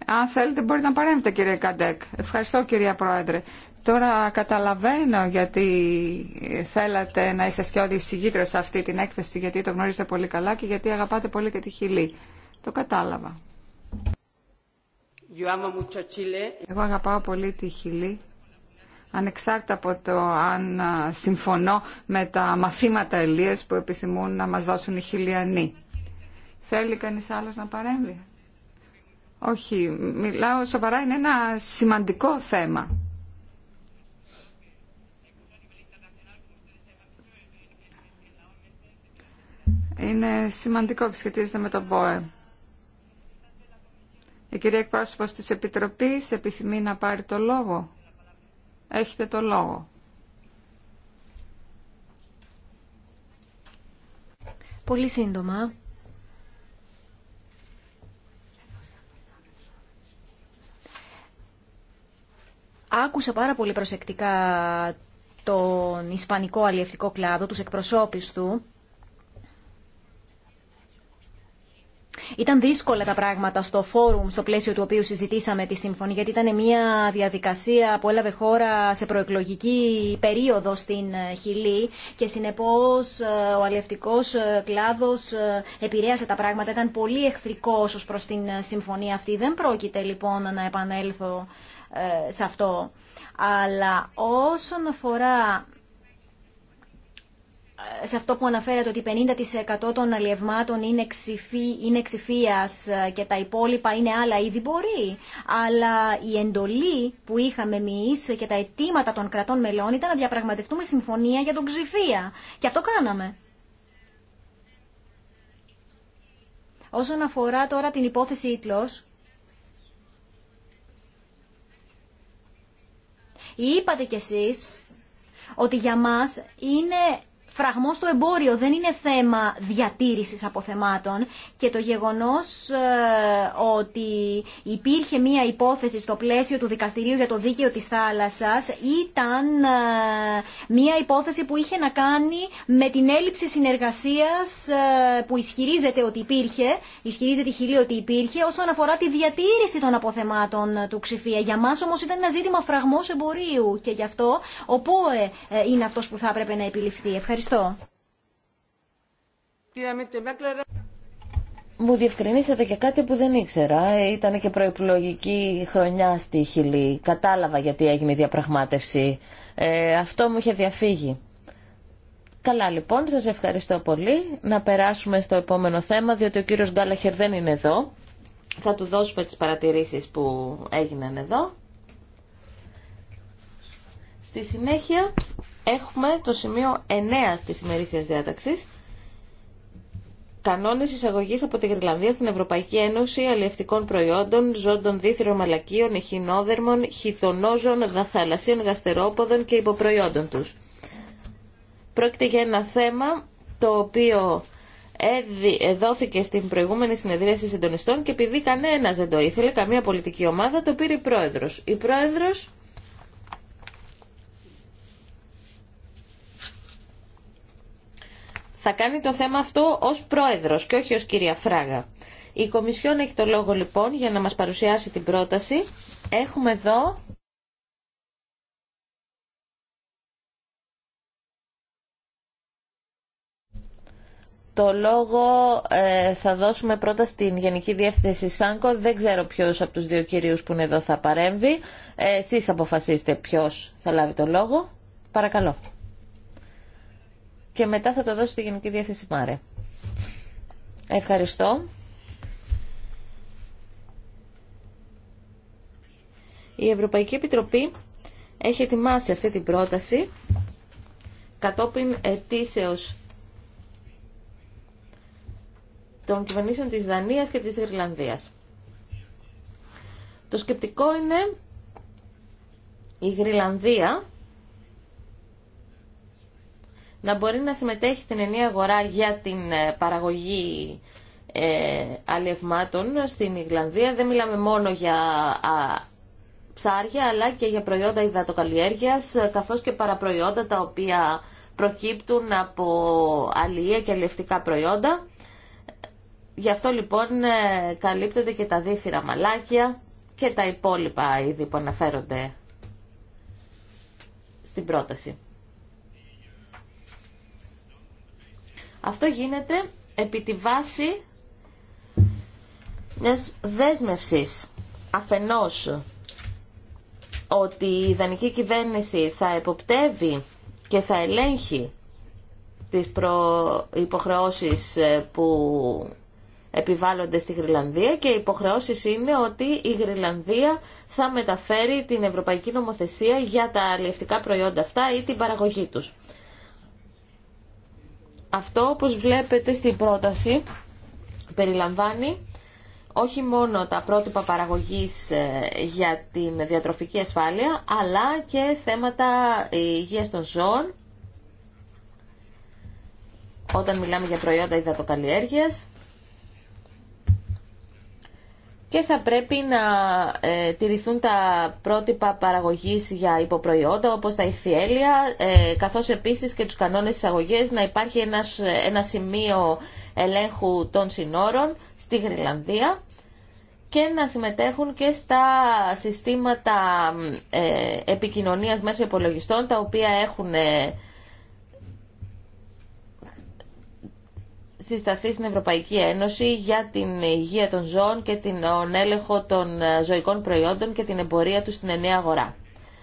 Αν θέλετε μπορείτε να παρέμβετε κύριε Καντέκ. Ευχαριστώ κυρία Πρόεδρε. Τώρα καταλαβαίνω γιατί θέλατε να είστε σκιώδη συγγήτρα σε αυτή την έκθεση, γιατί το γνωρίζετε πολύ καλά και γιατί αγαπάτε πολύ και τη Χιλή. Το κατάλαβα. Εγώ αγαπάω πολύ τη Χιλή, ανεξάρτητα από το αν συμφωνώ με τα μαθήματα Ελίας που επιθυμούν να μας δώσουν οι Χιλιανοί. Θέλει κανείς άλλος να παρέμβει. Όχι, μιλάω σοβαρά, είναι ένα σημαντικό θέμα. είναι σημαντικό και σχετίζεται με τον ΠΟΕ. Η κυρία εκπρόσωπος της Επιτροπής επιθυμεί να πάρει το λόγο. Έχετε το λόγο. Πολύ σύντομα. Άκουσα πάρα πολύ προσεκτικά τον Ισπανικό αλλιευτικό κλάδο, τους εκπροσώπης του Ήταν δύσκολα τα πράγματα στο φόρουμ, στο πλαίσιο του οποίου συζητήσαμε τη Σύμφωνη γιατί ήταν μια διαδικασία που έλαβε χώρα σε προεκλογική περίοδο στην ε, Χιλή και συνεπώς ε, ο αλληλευτικός ε, κλάδος επηρέασε τα πράγματα. Ήταν πολύ εχθρικό ως προς την συμφωνία αυτή. Δεν πρόκειται λοιπόν να επανέλθω σε αυτό. Αλλά όσον αφορά σε αυτό που αναφέρατε ότι 50% των αλλιευμάτων είναι, ξυφή, είναι ξυφίας και τα υπόλοιπα είναι άλλα ήδη μπορεί. Αλλά η εντολή που είχαμε εμείς και τα αιτήματα των κρατών μελών ήταν να διαπραγματευτούμε συμφωνία για τον ξυφία. Και αυτό κάναμε. Όσον αφορά τώρα την υπόθεση Ήτλος, είπατε κι εσείς ότι για μας είναι Φραγμό στο εμπόριο, δεν είναι θέμα διατήρησης αποθεμάτων και το γεγονός ε, ότι υπήρχε μία υπόθεση στο πλαίσιο του Δικαστηρίου για το Δίκαιο της Θάλασσας ήταν ε, μία υπόθεση που είχε να κάνει με την έλλειψη συνεργασίας ε, που ισχυρίζεται ότι υπήρχε, ισχυρίζεται η Χιλή ότι υπήρχε όσον αφορά τη διατήρηση των αποθεμάτων του Ξηφία. Για μας όμως ήταν ένα ζήτημα φραγμός εμπορίου και γι' αυτό ο ΠΟΕ είναι αυτός που θα έπρεπε να επιληφθεί. Ευχαριστώ. Μου διευκρινίσατε και κάτι που δεν ήξερα. Ήταν και προεκλογική χρονιά στη Χιλή. Κατάλαβα γιατί έγινε η διαπραγμάτευση. Ε, αυτό μου είχε διαφύγει. Καλά λοιπόν, σας ευχαριστώ πολύ. Να περάσουμε στο επόμενο θέμα, διότι ο κύριος Γκάλαχερ δεν είναι εδώ. Θα του δώσουμε τις παρατηρήσεις που έγιναν εδώ. Στη συνέχεια έχουμε το σημείο 9 της ημερήσιας διάταξης. Κανόνες εισαγωγής από τη Γρυλανδία στην Ευρωπαϊκή Ένωση αλληλευτικών προϊόντων, ζώντων δίθυρων μαλακίων, εχινόδερμων, χιθονόζων, δαθαλασσίων γαστερόποδων και υποπροϊόντων τους. Πρόκειται για ένα θέμα το οποίο δόθηκε στην προηγούμενη συνεδρίαση συντονιστών και επειδή κανένας δεν το ήθελε, καμία πολιτική ομάδα, το πήρε η πρόεδρος. Η πρόεδρος θα κάνει το θέμα αυτό ως πρόεδρος και όχι ως κυρία Φράγα. Η Κομισιόν έχει το λόγο λοιπόν για να μας παρουσιάσει την πρόταση. Έχουμε εδώ Το λόγο ε, θα δώσουμε πρώτα στην Γενική Διεύθυνση ΣΑΝΚΟ. Δεν ξέρω ποιος από τους δύο κυρίους που είναι εδώ θα παρέμβει. Ε, εσείς αποφασίστε ποιος θα λάβει το λόγο. Παρακαλώ και μετά θα το δώσω στη Γενική Διεύθυνση Μάρε. Ευχαριστώ. Η Ευρωπαϊκή Επιτροπή έχει ετοιμάσει αυτή την πρόταση κατόπιν ετήσεως των κυβερνήσεων της Δανίας και της Ιρλανδίας. Το σκεπτικό είναι η Γρυλανδία να μπορεί να συμμετέχει στην ενιαία αγορά για την ε, παραγωγή ε, στην Ιγλανδία. Δεν μιλάμε μόνο για α, ψάρια, αλλά και για προϊόντα υδατοκαλλιέργειας, ε, καθώς και παραπροϊόντα τα οποία προκύπτουν από αλληλεία και αλευτικά προϊόντα. Γι' αυτό λοιπόν ε, καλύπτονται και τα δίθυρα μαλάκια και τα υπόλοιπα είδη που αναφέρονται στην πρόταση. Αυτό γίνεται επί τη βάση μιας δέσμευσης αφενός ότι η ιδανική κυβέρνηση θα εποπτεύει και θα ελέγχει τις προ... υποχρεώσεις ε, που επιβάλλονται στη Γρυλανδία και οι υποχρεώσεις είναι ότι η Γρυλανδία θα μεταφέρει την ευρωπαϊκή νομοθεσία για τα αλληλευτικά προϊόντα αυτά ή την παραγωγή τους. Αυτό, όπως βλέπετε στην πρόταση, περιλαμβάνει όχι μόνο τα πρότυπα παραγωγής ε, για την διατροφική ασφάλεια, αλλά και θέματα ε, υγείας των ζώων, όταν μιλάμε για προϊόντα υδατοκαλλιέργειας, και θα πρέπει να ε, τηρηθούν τα πρότυπα παραγωγής για υποπροϊόντα όπως τα ηφθιέλεια ε, καθώς επίσης και τους κανόνες εισαγωγές να υπάρχει ένας, ένα σημείο ελέγχου των συνόρων στη Γρυλανδία και να συμμετέχουν και στα συστήματα ε, επικοινωνίας μέσω υπολογιστών τα οποία έχουν ε, συσταθεί στην Ευρωπαϊκή Ένωση για την υγεία των ζώων και τον έλεγχο των ε, ζωικών προϊόντων και την εμπορία του στην ενιαία αγορά.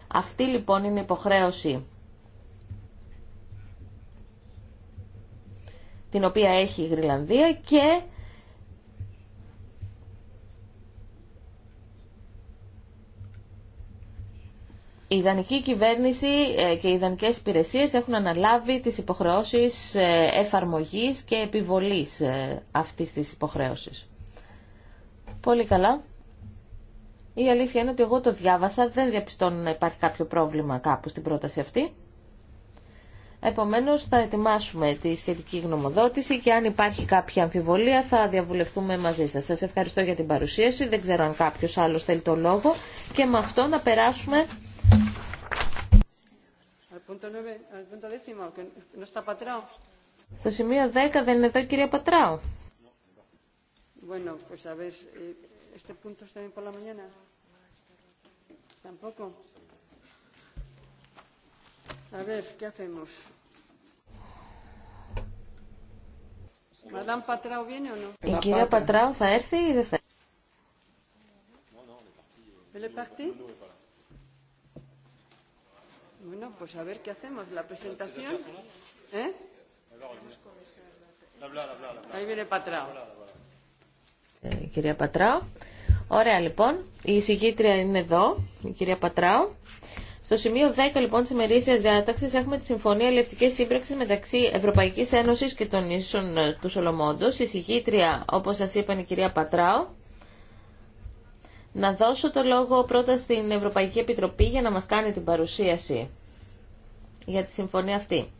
Αυτή λοιπόν είναι η υποχρέωση την οποία έχει η Γρυλανδία και η ιδανική κυβέρνηση ε, και οι ιδανικές υπηρεσίες έχουν αναλάβει τις υποχρεώσεις ε, εφαρμογής και επιβολής ε, αυτής της υποχρέωσης. Πολύ καλά. Η αλήθεια είναι ότι εγώ το διάβασα, δεν διαπιστώνω να υπάρχει κάποιο πρόβλημα κάπου στην πρόταση αυτή. Επομένως θα ετοιμάσουμε τη σχετική γνωμοδότηση και αν υπάρχει κάποια αμφιβολία θα διαβουλευτούμε μαζί σας. Σας ευχαριστώ για την παρουσίαση, δεν ξέρω αν κάποιος άλλος θέλει το λόγο και με αυτό να περάσουμε στο σημείο 10 δεν είναι εδώ κυρία Πατράου. Bueno, pues a ver, este punto está bien por la mañana. Tampoco. A ver, ¿qué hacemos? Madame Patrao viene o no? Η κυρία Patrao? θα No, no, le parti. ¿Le parti? Bueno, pues a ver qué hacemos. La presentación. ¿Eh? Ahí viene κυρία Πατράου. Eh, Ωραία λοιπόν, η εισηγήτρια είναι εδώ, η κυρία Πατράου. Στο σημείο 10 λοιπόν τη ημερήσια διάταξη έχουμε τη Συμφωνία Ελευτική Σύμπραξη μεταξύ Ευρωπαϊκή Ένωση και των Ίσων ε, του Σολομόντο. Η εισηγήτρια, όπω σα είπαν η κυρία Πατράου, να δώσω το λόγο πρώτα στην Ευρωπαϊκή Επιτροπή για να μας κάνει την παρουσίαση για τη συμφωνία αυτή.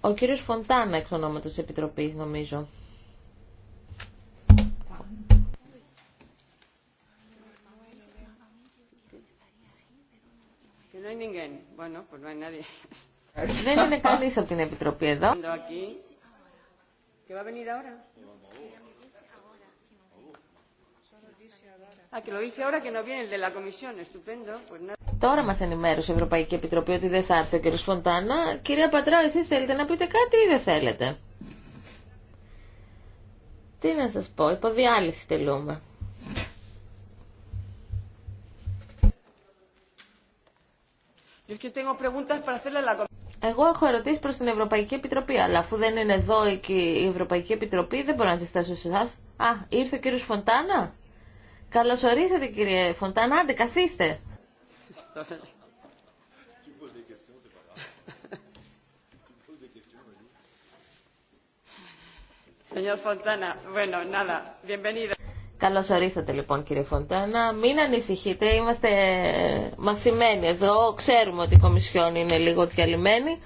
Ο κύριος Φοντάνα εξ ονόματος Επιτροπής νομίζω. Δεν είναι καλής από την Επιτροπή εδώ. Τώρα μας ενημέρωσε η Ευρωπαϊκή Επιτροπή ότι δεν θα έρθει ο κ. Φοντάνα. Κυρία Πατράου, εσείς θέλετε να πείτε κάτι ή δεν θέλετε. Τι να σας πω, υποδιάλυση τελούμε. Εγώ έχω ερωτήσει προ την Ευρωπαϊκή Επιτροπή, αλλά αφού δεν είναι εδώ η Ευρωπαϊκή Επιτροπή, δεν μπορώ να τι σε εσά. Α, ήρθε ο κύριο Φοντάνα. Καλωσορίσατε, κύριε Φοντάνα. Άντε, καθίστε. Καλώς ορίσατε λοιπόν κύριε Φοντάνα. Μην ανησυχείτε, είμαστε μαθημένοι εδώ. Ξέρουμε ότι η Κομισιόν είναι λίγο διαλυμένη.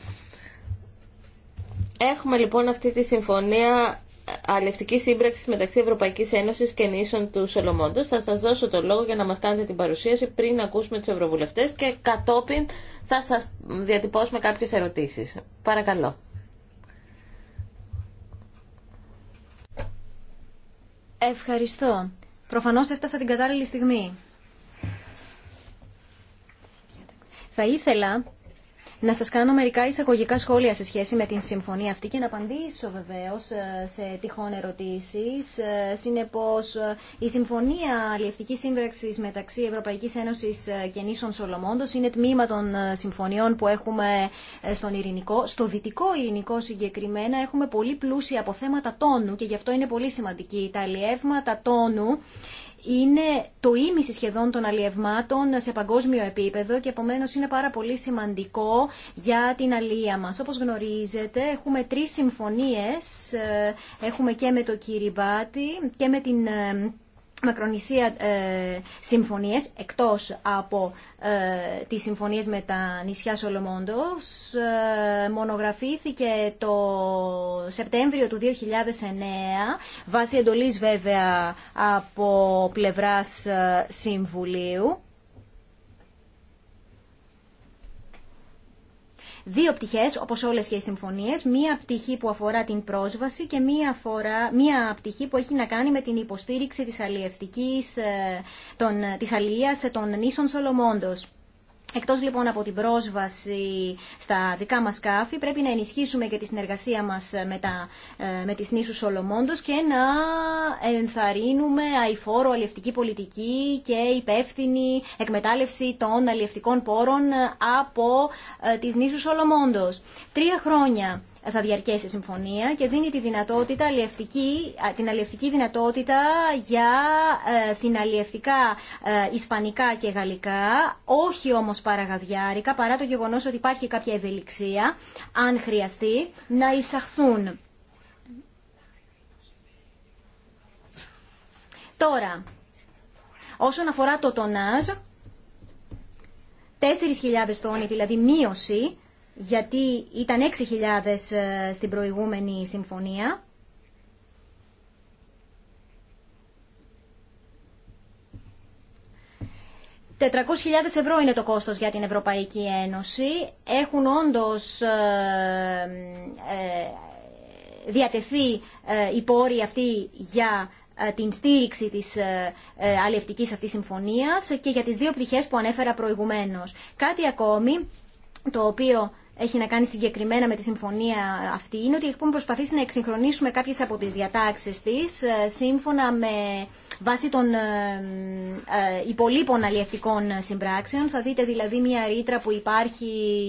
Έχουμε λοιπόν αυτή τη συμφωνία αλευτική σύμπραξη μεταξύ Ευρωπαϊκής Ένωσης και νήσων του Σολομόντος. Θα σας δώσω το λόγο για να μας κάνετε την παρουσίαση πριν ακούσουμε τους ευρωβουλευτές και κατόπιν θα σας διατυπώσουμε κάποιες ερωτήσεις. Παρακαλώ. Ευχαριστώ. Προφανώς έφτασα την κατάλληλη στιγμή. Θα ήθελα να σας κάνω μερικά εισαγωγικά σχόλια σε σχέση με την συμφωνία αυτή και να απαντήσω βεβαίως ε, σε τυχόν ερωτήσεις. Ε, συνεπώς, ε, η Συμφωνία Αλληλευτικής Σύμπραξης μεταξύ Ευρωπαϊκής Ένωσης και Νήσων Σολομόντος είναι τμήμα των συμφωνιών που έχουμε στον Ειρηνικό. Στο Δυτικό Ειρηνικό συγκεκριμένα έχουμε πολύ πλούσια αποθέματα τόνου και γι' αυτό είναι πολύ σημαντική τα αλληλεύματα τόνου είναι το ίμιση σχεδόν των αλλιευμάτων σε παγκόσμιο επίπεδο και επομένως είναι πάρα πολύ σημαντικό για την αλλία μας. Όπως γνωρίζετε έχουμε τρεις συμφωνίες, ε, έχουμε και με το Κυριμπάτι και με την ε, μακρονησία ε, συμφωνίες εκτός από ε, τις συμφωνίες με τα νησιά Σολομόντος ε, μονογραφήθηκε το Σεπτέμβριο του 2009 βάσει εντολής βέβαια από πλευράς ε, Συμβουλίου δύο πτυχέ, όπως όλες και οι συμφωνίες, μία πτυχή που αφορά την πρόσβαση και μία, αφορά, μία πτυχή που έχει να κάνει με την υποστήριξη της αλλιευτικής, ε, των, της των νήσων Σολομόντος. Εκτός λοιπόν από την πρόσβαση στα δικά μας σκάφη, πρέπει να ενισχύσουμε και τη συνεργασία μας με, τα, ε, με τις νήσους Σολομόντος και να ενθαρρύνουμε αηφόρο αλλιευτική πολιτική και υπεύθυνη εκμετάλλευση των αλλιευτικών πόρων από ε, τις νήσους Σολομόντος. Τρία χρόνια θα διαρκέσει η συμφωνία και δίνει τη δυνατότητα, αλλιευτική, την αλλιευτική δυνατότητα για ε, ε, ισπανικά και γαλλικά, όχι όμως παραγαδιάρικα, παρά το γεγονός ότι υπάρχει κάποια ευελιξία, αν χρειαστεί, να εισαχθούν. Τώρα, όσον αφορά το τονάζ, 4.000 τόνοι, δηλαδή μείωση, γιατί ήταν 6.000 ε, στην προηγούμενη συμφωνία. «400.000 ευρώ είναι το κόστος για την Ευρωπαϊκή Ένωση. Έχουν όντως ε, ε, διατεθεί οι πόροι αυτοί για την στήριξη της αλληλευτικής αυτής συμφωνίας και για τις δύο πτυχές που ανέφερα προηγουμένως. Κάτι ακόμη το οποίο έχει να κάνει συγκεκριμένα με τη συμφωνία αυτή είναι ότι έχουμε λοιπόν προσπαθήσει να εξυγχρονίσουμε κάποιες από τις διατάξεις της ε, σύμφωνα με βάσει των ε, ε, υπολείπων αλλιευτικών συμπράξεων. Θα δείτε δηλαδή μια ρήτρα που υπάρχει,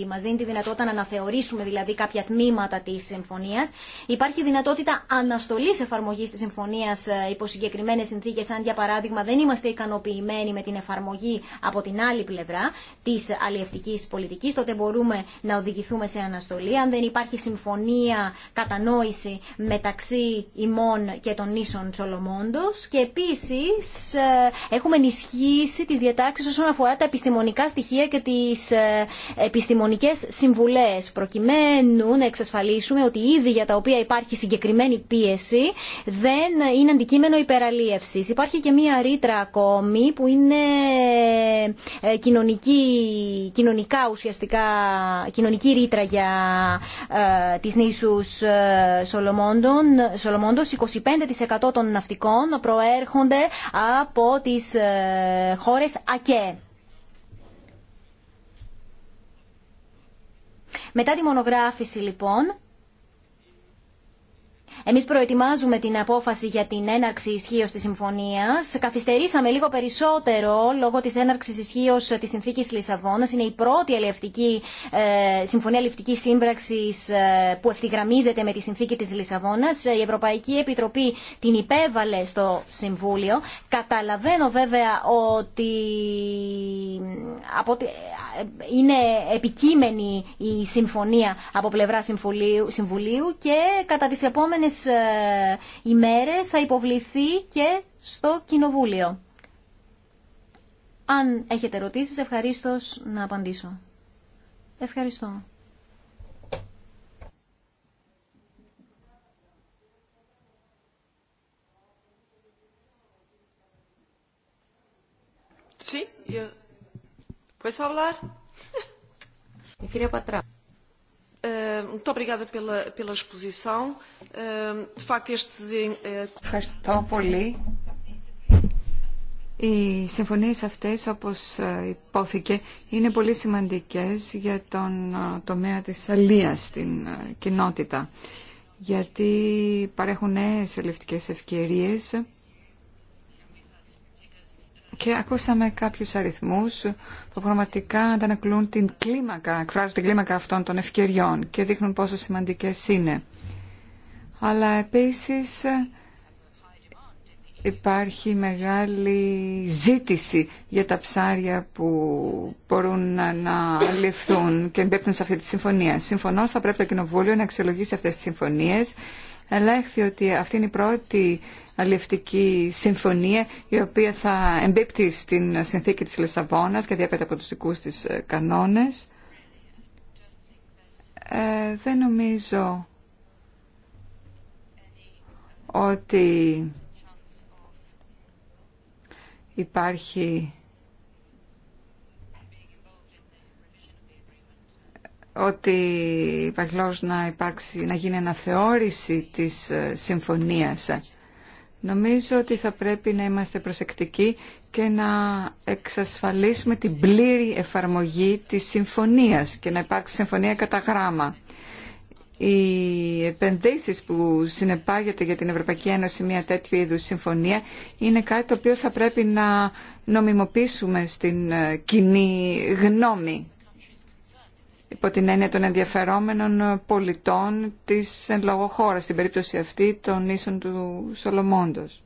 μας δίνει τη δυνατότητα να αναθεωρήσουμε δηλαδή κάποια τμήματα της συμφωνίας. Υπάρχει δυνατότητα αναστολής εφαρμογής της συμφωνίας ε, υπό συγκεκριμένε συνθήκες, αν για παράδειγμα δεν είμαστε ικανοποιημένοι με την εφαρμογή από την άλλη πλευρά της αλλιευτικής πολιτικής, τότε μπορούμε να οδηγηθούμε σε αναστολή. Αν δεν υπάρχει συμφωνία κατανόηση μεταξύ ημών και των νήσων Τσολομόντος και επίση ε, έχουμε ενισχύσει τις διατάξεις όσον αφορά τα επιστημονικά στοιχεία και τις ε, επιστημονικές συμβουλές, προκειμένου να εξασφαλίσουμε ότι ήδη για τα οποία υπάρχει συγκεκριμένη πίεση δεν είναι αντικείμενο υπεραλίευσης. Υπάρχει και μία ρήτρα ακόμη που είναι ε, κοινωνική, κοινωνικά ουσιαστικά, κοινωνική ρήτρα για ε, τις νήσους 25% των ναυτικών προέρχονται από τις ε, χώρες ΑΚΕ. Μετά τη μονογράφηση λοιπόν, Εμεί προετοιμάζουμε την απόφαση για την έναρξη ισχύω τη συμφωνία. Καθυστερήσαμε λίγο περισσότερο λόγω τη έναρξη ισχύω της συνθήκης Λισαβόνα. Είναι η πρώτη ε, συμφωνία ελευτικής σύμπραξη ε, που ευθυγραμμίζεται με τη συνθήκη τη Λισαβόνα. Ε, η Ευρωπαϊκή Επιτροπή την υπέβαλε στο Συμβούλιο. Καταλαβαίνω βέβαια ότι είναι επικείμενη η συμφωνία από πλευρά Συμβουλίου, και κατά τις επόμενες ε, ημέρες θα υποβληθεί και στο Κοινοβούλιο. Αν έχετε ερωτήσεις, ευχαριστώ να απαντήσω. Ευχαριστώ. Sí, Ευχαριστώ πολύ. Οι συμφωνίες αυτές, όπως ε, υπόθηκε, είναι πολύ σημαντικές για τον ε, τομέα της αλίας στην ε, κοινότητα, γιατί παρέχουν νέες ελευτικές ευκαιρίες και ακούσαμε κάποιους αριθμούς που πραγματικά αντανακλούν την κλίμακα, εκφράζουν την κλίμακα αυτών των ευκαιριών και δείχνουν πόσο σημαντικές είναι. Αλλά επίσης υπάρχει μεγάλη ζήτηση για τα ψάρια που μπορούν να ληφθούν και εμπέπτουν σε αυτή τη συμφωνία. Συμφωνώ, θα πρέπει το Κοινοβούλιο να αξιολογήσει αυτές τις συμφωνίες ελέγχθη ότι αυτή είναι η πρώτη αλληλευτική συμφωνία η οποία θα εμπίπτει στην συνθήκη της Λισαβόνας και διαπέτει από τους δικούς της ε, κανόνες. Ε, δεν νομίζω ότι υπάρχει ότι υπάρχει λόγος να, υπάρξει, να γίνει αναθεώρηση της ε, συμφωνίας. Νομίζω ότι θα πρέπει να είμαστε προσεκτικοί και να εξασφαλίσουμε την πλήρη εφαρμογή της συμφωνίας και να υπάρξει συμφωνία κατά γράμμα. Οι επενδύσεις που συνεπάγεται για την Ευρωπαϊκή Ένωση μια τέτοιου είδους συμφωνία είναι κάτι το οποίο θα πρέπει να νομιμοποιήσουμε στην ε, κοινή γνώμη υπό την έννοια των ενδιαφερόμενων πολιτών της εν λόγω χώρας, στην περίπτωση αυτή των ίσων του Σολομόντος.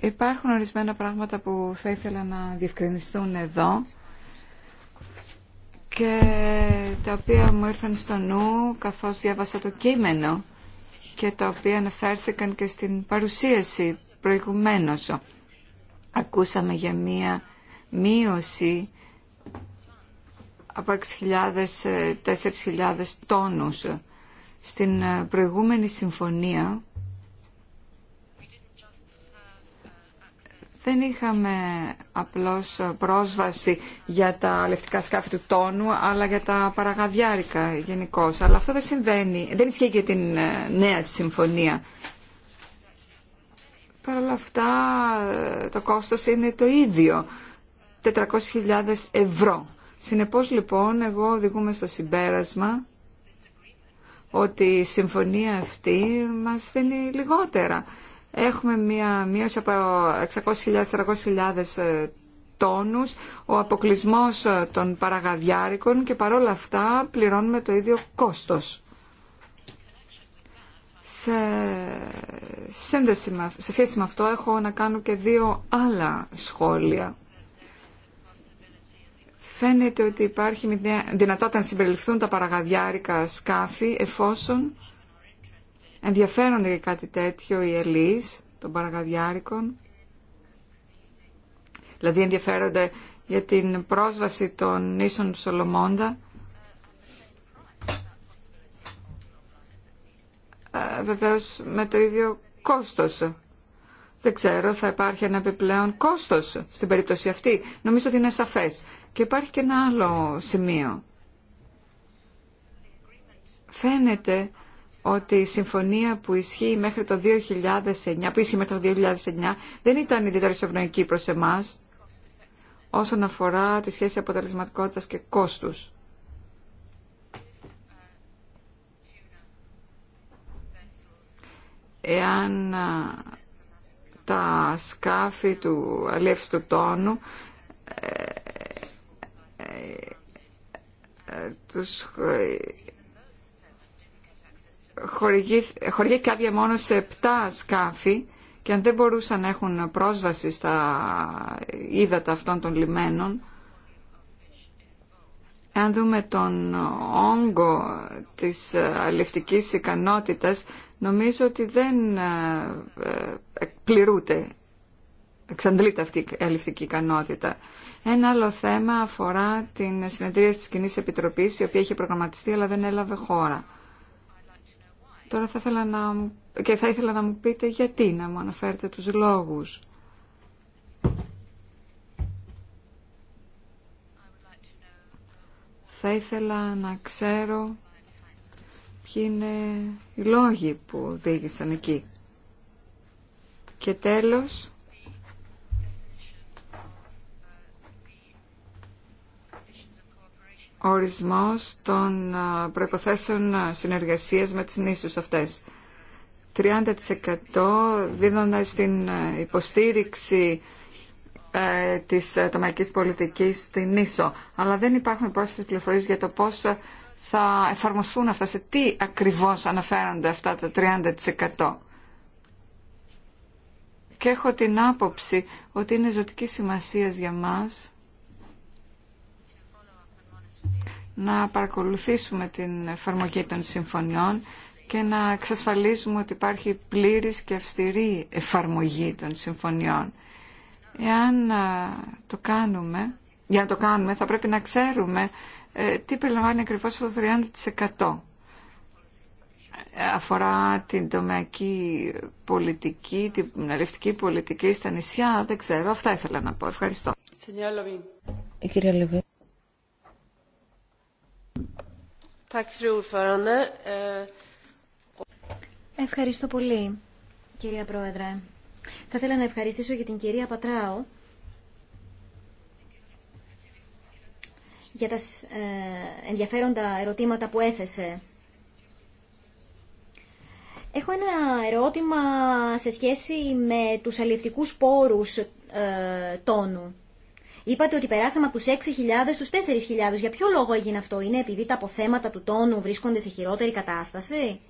Υπάρχουν ορισμένα πράγματα που θα ήθελα να διευκρινιστούν εδώ και τα οποία μου ήρθαν στο νου καθώς διάβασα το κείμενο και τα οποία αναφέρθηκαν και στην παρουσίαση προηγουμένως. Ακούσαμε για μία μείωση από 6.000-4.000 τόνους. Στην ε, προηγούμενη συμφωνία δεν είχαμε απλώς πρόσβαση για τα λευτικά σκάφη του τόνου, αλλά για τα παραγαδιάρικα γενικώ. Αλλά αυτό δεν συμβαίνει, δεν ισχύει και την ε, νέα συμφωνία. Παρ' όλα αυτά ε, το κόστος είναι το ίδιο 400.000 ευρώ. Συνεπώς λοιπόν εγώ οδηγούμε στο συμπέρασμα ότι η συμφωνία αυτή μας δίνει λιγότερα. Έχουμε μία μείωση από 600.000-400.000 ε, τόνους, ο αποκλεισμός ε, των παραγαδιάρικων και παρόλα αυτά πληρώνουμε το ίδιο κόστος. Σε, σε σχέση με αυτό έχω να κάνω και δύο άλλα σχόλια φαίνεται ότι υπάρχει δυνατότητα να συμπεριληφθούν τα παραγαδιάρικα σκάφη εφόσον ενδιαφέρονται για κάτι τέτοιο οι ελείς των παραγαδιάρικων δηλαδή ενδιαφέρονται για την πρόσβαση των νήσων Σολομώντα ε, βεβαίως με το ίδιο κόστος δεν ξέρω, θα υπάρχει ένα επιπλέον κόστος στην περίπτωση αυτή. Νομίζω ότι είναι σαφές. Και υπάρχει και ένα άλλο σημείο. Φαίνεται ότι η συμφωνία που ισχύει μέχρι το 2009, που ισχύει μέχρι το 2009, δεν ήταν ιδιαίτερα ευνοϊκή προς εμάς όσον αφορά τη σχέση αποτελεσματικότητας και κόστους. Εάν τα σκάφη του αλεύσης του τόνου ε, τους χορηγήθηκε άδεια μόνο σε 7 σκάφη και αν δεν μπορούσαν να έχουν πρόσβαση στα ύδατα αυτών των λιμένων, αν δούμε τον όγκο της αλληλευτικής ικανότητας, νομίζω ότι δεν ε, ε, πληρούνται εξαντλείται αυτή η αληφτική ικανότητα. Ένα άλλο θέμα αφορά την συνεδρία της κοινή Επιτροπής, η οποία είχε προγραμματιστεί αλλά δεν έλαβε χώρα. Τώρα θα ήθελα να μου... και θα ήθελα να μου πείτε γιατί, να μου αναφέρετε τους λόγους. Θα ήθελα να ξέρω ποιοι είναι οι λόγοι που οδήγησαν εκεί. Και τέλος, ορισμός των ε, προϋποθέσεων ε, συνεργασίας με τις νήσους αυτές. 30% δίδονται στην ε, υποστήριξη της ατομικής πολιτικής στην νήσο. Αλλά δεν υπάρχουν πρόσθετες πληροφορίες για το πώς θα εφαρμοστούν αυτά, σε τι ακριβώς αναφέρονται αυτά τα 30%. Και έχω την άποψη ότι είναι ζωτική σημασία για μας να παρακολουθήσουμε την εφαρμογή των συμφωνιών και να εξασφαλίσουμε ότι υπάρχει πλήρης και αυστηρή εφαρμογή των συμφωνιών. Εάν το κάνουμε, για να το κάνουμε θα πρέπει να ξέρουμε ε, τι περιλαμβάνει ακριβώς το 30% αφορά την τομεακή πολιτική, την αλευτική πολιτική στα νησιά, δεν ξέρω. Αυτά ήθελα να πω. Ευχαριστώ. κυρία Eh, Ευχαριστώ πολύ, κυρία Πρόεδρε. Θα ήθελα να ευχαριστήσω για την κυρία Πατράου για τα ε, ενδιαφέροντα ερωτήματα που έθεσε. Έχω ένα ερώτημα σε σχέση με τους αλληλευτικούς πόρους ε, τόνου. Είπατε ότι περάσαμε από του 6.000 στου 4.000. Για ποιο λόγο έγινε αυτό, Είναι επειδή τα αποθέματα του τόνου βρίσκονται σε χειρότερη κατάσταση.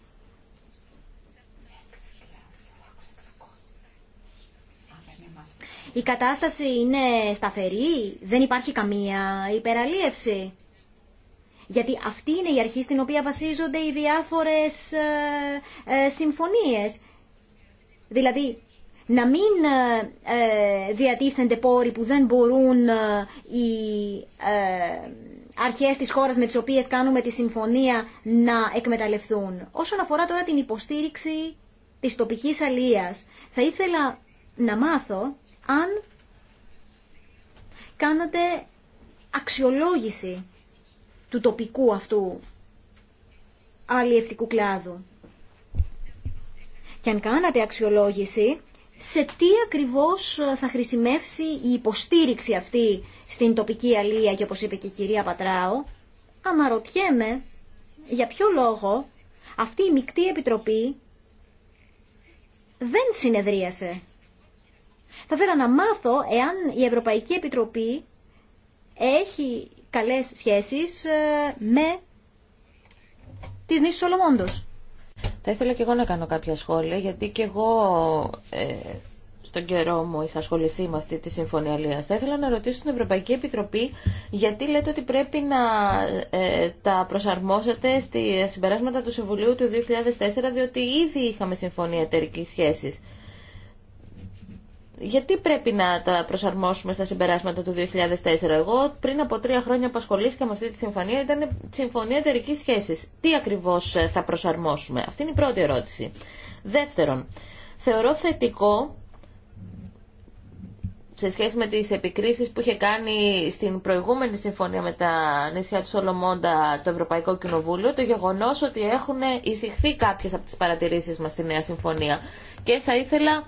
Η κατάσταση είναι σταθερή, δεν υπάρχει καμία υπεραλίευση. Γιατί αυτή είναι η αρχή στην οποία βασίζονται οι διάφορες ε, ε συμφωνίες. Δηλαδή, να μην ε, ε, διατίθενται πόροι που δεν μπορούν ε, οι αρχές της χώρας με τις οποίες κάνουμε τη συμφωνία να εκμεταλλευτούν. Όσον αφορά τώρα την υποστήριξη της τοπικής αλίας, θα ήθελα να μάθω αν κάνατε αξιολόγηση του τοπικού αυτού αλλιευτικού κλάδου. Και αν κάνατε αξιολόγηση, σε τι ακριβώς ε, θα χρησιμεύσει η υποστήριξη αυτή στην τοπική αλία και όπως είπε και η κυρία Πατράο, αναρωτιέμαι για ποιο λόγο αυτή η μεικτή επιτροπή δεν συνεδρίασε. Θα ήθελα να μάθω εάν η Ευρωπαϊκή Επιτροπή έχει καλές σχέσεις ε, με τις νήσεις Σολομόντος. Θα ήθελα και εγώ να κάνω κάποια σχόλια, γιατί και εγώ ε, στον καιρό μου είχα ασχοληθεί με αυτή τη συμφωνία Λίας. Θα ήθελα να ρωτήσω στην Ευρωπαϊκή Επιτροπή γιατί λέτε ότι πρέπει να ε, τα προσαρμόσετε στη ε, συμπεράσματα του Συμβουλίου του 2004, διότι ήδη είχαμε συμφωνία εταιρική σχέσης γιατί πρέπει να τα προσαρμόσουμε στα συμπεράσματα του 2004. Εγώ πριν από τρία χρόνια απασχολήθηκα με αυτή τη συμφωνία, ήταν συμφωνία εταιρική σχέση. Τι ακριβώ ε, θα προσαρμόσουμε, αυτή είναι η πρώτη ερώτηση. Δεύτερον, θεωρώ θετικό σε σχέση με τις επικρίσεις που είχε κάνει στην προηγούμενη συμφωνία με τα νησιά του Σολομόντα το Ευρωπαϊκό Κοινοβούλιο, το γεγονός ότι έχουν εισηχθεί κάποιες από τις παρατηρήσεις μας στη νέα συμφωνία. Και θα ήθελα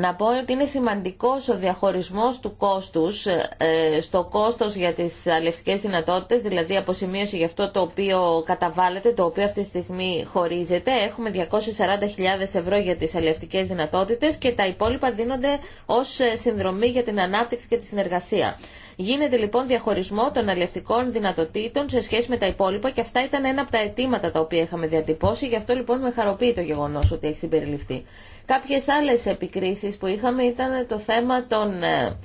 να πω ότι είναι σημαντικός ο διαχωρισμός του κόστους ε, στο κόστος για τις αλευτικές δυνατότητες, δηλαδή αποσημείωση για αυτό το οποίο καταβάλλεται, το οποίο αυτή τη στιγμή χωρίζεται. Έχουμε 240.000 ευρώ για τις αλευτικές δυνατότητες και τα υπόλοιπα δίνονται ως ε, συνδρομή για την ανάπτυξη και τη συνεργασία. Γίνεται λοιπόν διαχωρισμό των αλληλευτικών δυνατοτήτων σε σχέση με τα υπόλοιπα και αυτά ήταν ένα από τα αιτήματα τα οποία είχαμε διατυπώσει. Γι' αυτό λοιπόν με χαροποιεί το γεγονό ότι έχει συμπεριληφθεί. Κάποιες άλλες επικρίσεις που είχαμε ήταν το θέμα των ε,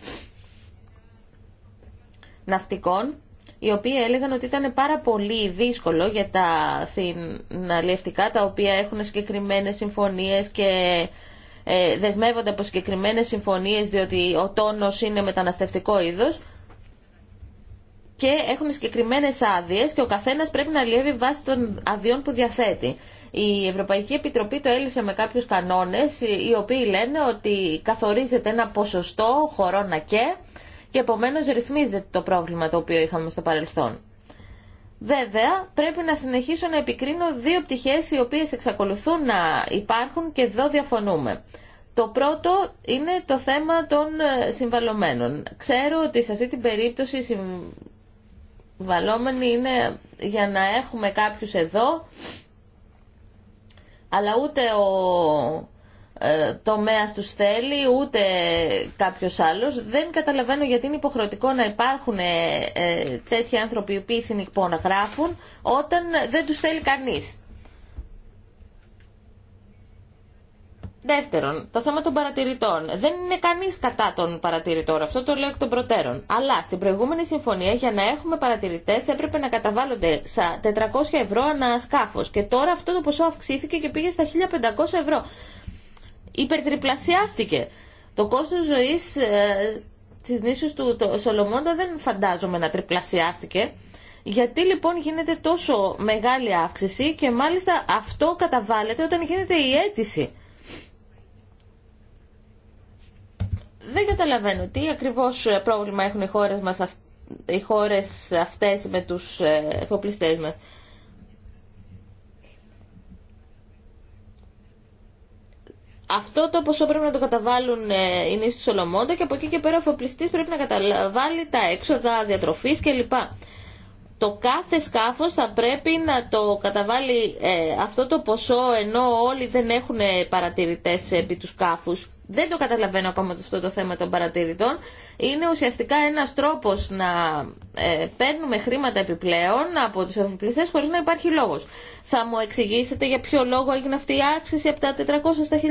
ναυτικών οι οποίοι έλεγαν ότι ήταν πάρα πολύ δύσκολο για τα θυναλιευτικά τα οποία έχουν συγκεκριμένες συμφωνίες και ε, δεσμεύονται από συγκεκριμένες συμφωνίες διότι ο τόνος είναι μεταναστευτικό είδος και έχουν συγκεκριμένες άδειες και ο καθένας πρέπει να λιεύει βάσει των αδειών που διαθέτει. Η Ευρωπαϊκή Επιτροπή το έλυσε με κάποιους κανόνες οι οποίοι λένε ότι καθορίζεται ένα ποσοστό χωρών και επομένως ρυθμίζεται το πρόβλημα το οποίο είχαμε στο παρελθόν. Βέβαια, πρέπει να συνεχίσω να επικρίνω δύο πτυχέ οι οποίες εξακολουθούν να υπάρχουν και εδώ διαφωνούμε. Το πρώτο είναι το θέμα των ε, συμβαλωμένων. Ξέρω ότι σε αυτή την περίπτωση οι συμβαλόμενοι είναι για να έχουμε κάποιους εδώ αλλά ούτε ο ε, τομέας τους θέλει, ούτε κάποιος άλλος. Δεν καταλαβαίνω γιατί είναι υποχρεωτικό να υπάρχουν ε, ε τέτοιοι άνθρωποι οι οποίοι γράφουν όταν δεν τους θέλει κανείς. Δεύτερον, το θέμα των παρατηρητών. Δεν είναι κανεί κατά των παρατηρητών. Αυτό το λέω εκ των προτέρων. Αλλά στην προηγούμενη συμφωνία για να έχουμε παρατηρητέ έπρεπε να καταβάλλονται 400 ευρώ ένα σκάφο. Και τώρα αυτό το ποσό αυξήθηκε και πήγε στα 1500 ευρώ. Υπερτριπλασιάστηκε. Το κόστο ζωή ε, τη νήσου του το Σολομώντα δεν φαντάζομαι να τριπλασιάστηκε. Γιατί λοιπόν γίνεται τόσο μεγάλη αύξηση και μάλιστα αυτό καταβάλλεται όταν γίνεται η αίτηση. Δεν καταλαβαίνω τι ακριβώς πρόβλημα έχουν οι χώρες, μας, οι χώρες αυτές με τους ε, εφοπλιστές μας. Αυτό το ποσό πρέπει να το καταβάλουν ε, οι νήσοι του Σολομόντα και από εκεί και πέρα ο εφοπλιστής πρέπει να καταβάλει τα έξοδα διατροφής κλπ το κάθε σκάφος θα πρέπει να το καταβάλει ε, αυτό το ποσό ενώ όλοι δεν έχουν παρατηρητές επί του σκάφους. Δεν το καταλαβαίνω ακόμα αυτό το θέμα των παρατηρητών. Είναι ουσιαστικά ένας τρόπος να ε, παίρνουμε χρήματα επιπλέον από τους εφοπλιστές χωρίς να υπάρχει λόγος. Θα μου εξηγήσετε για ποιο λόγο έγινε αυτή η αύξηση από τα 400 στα 1500.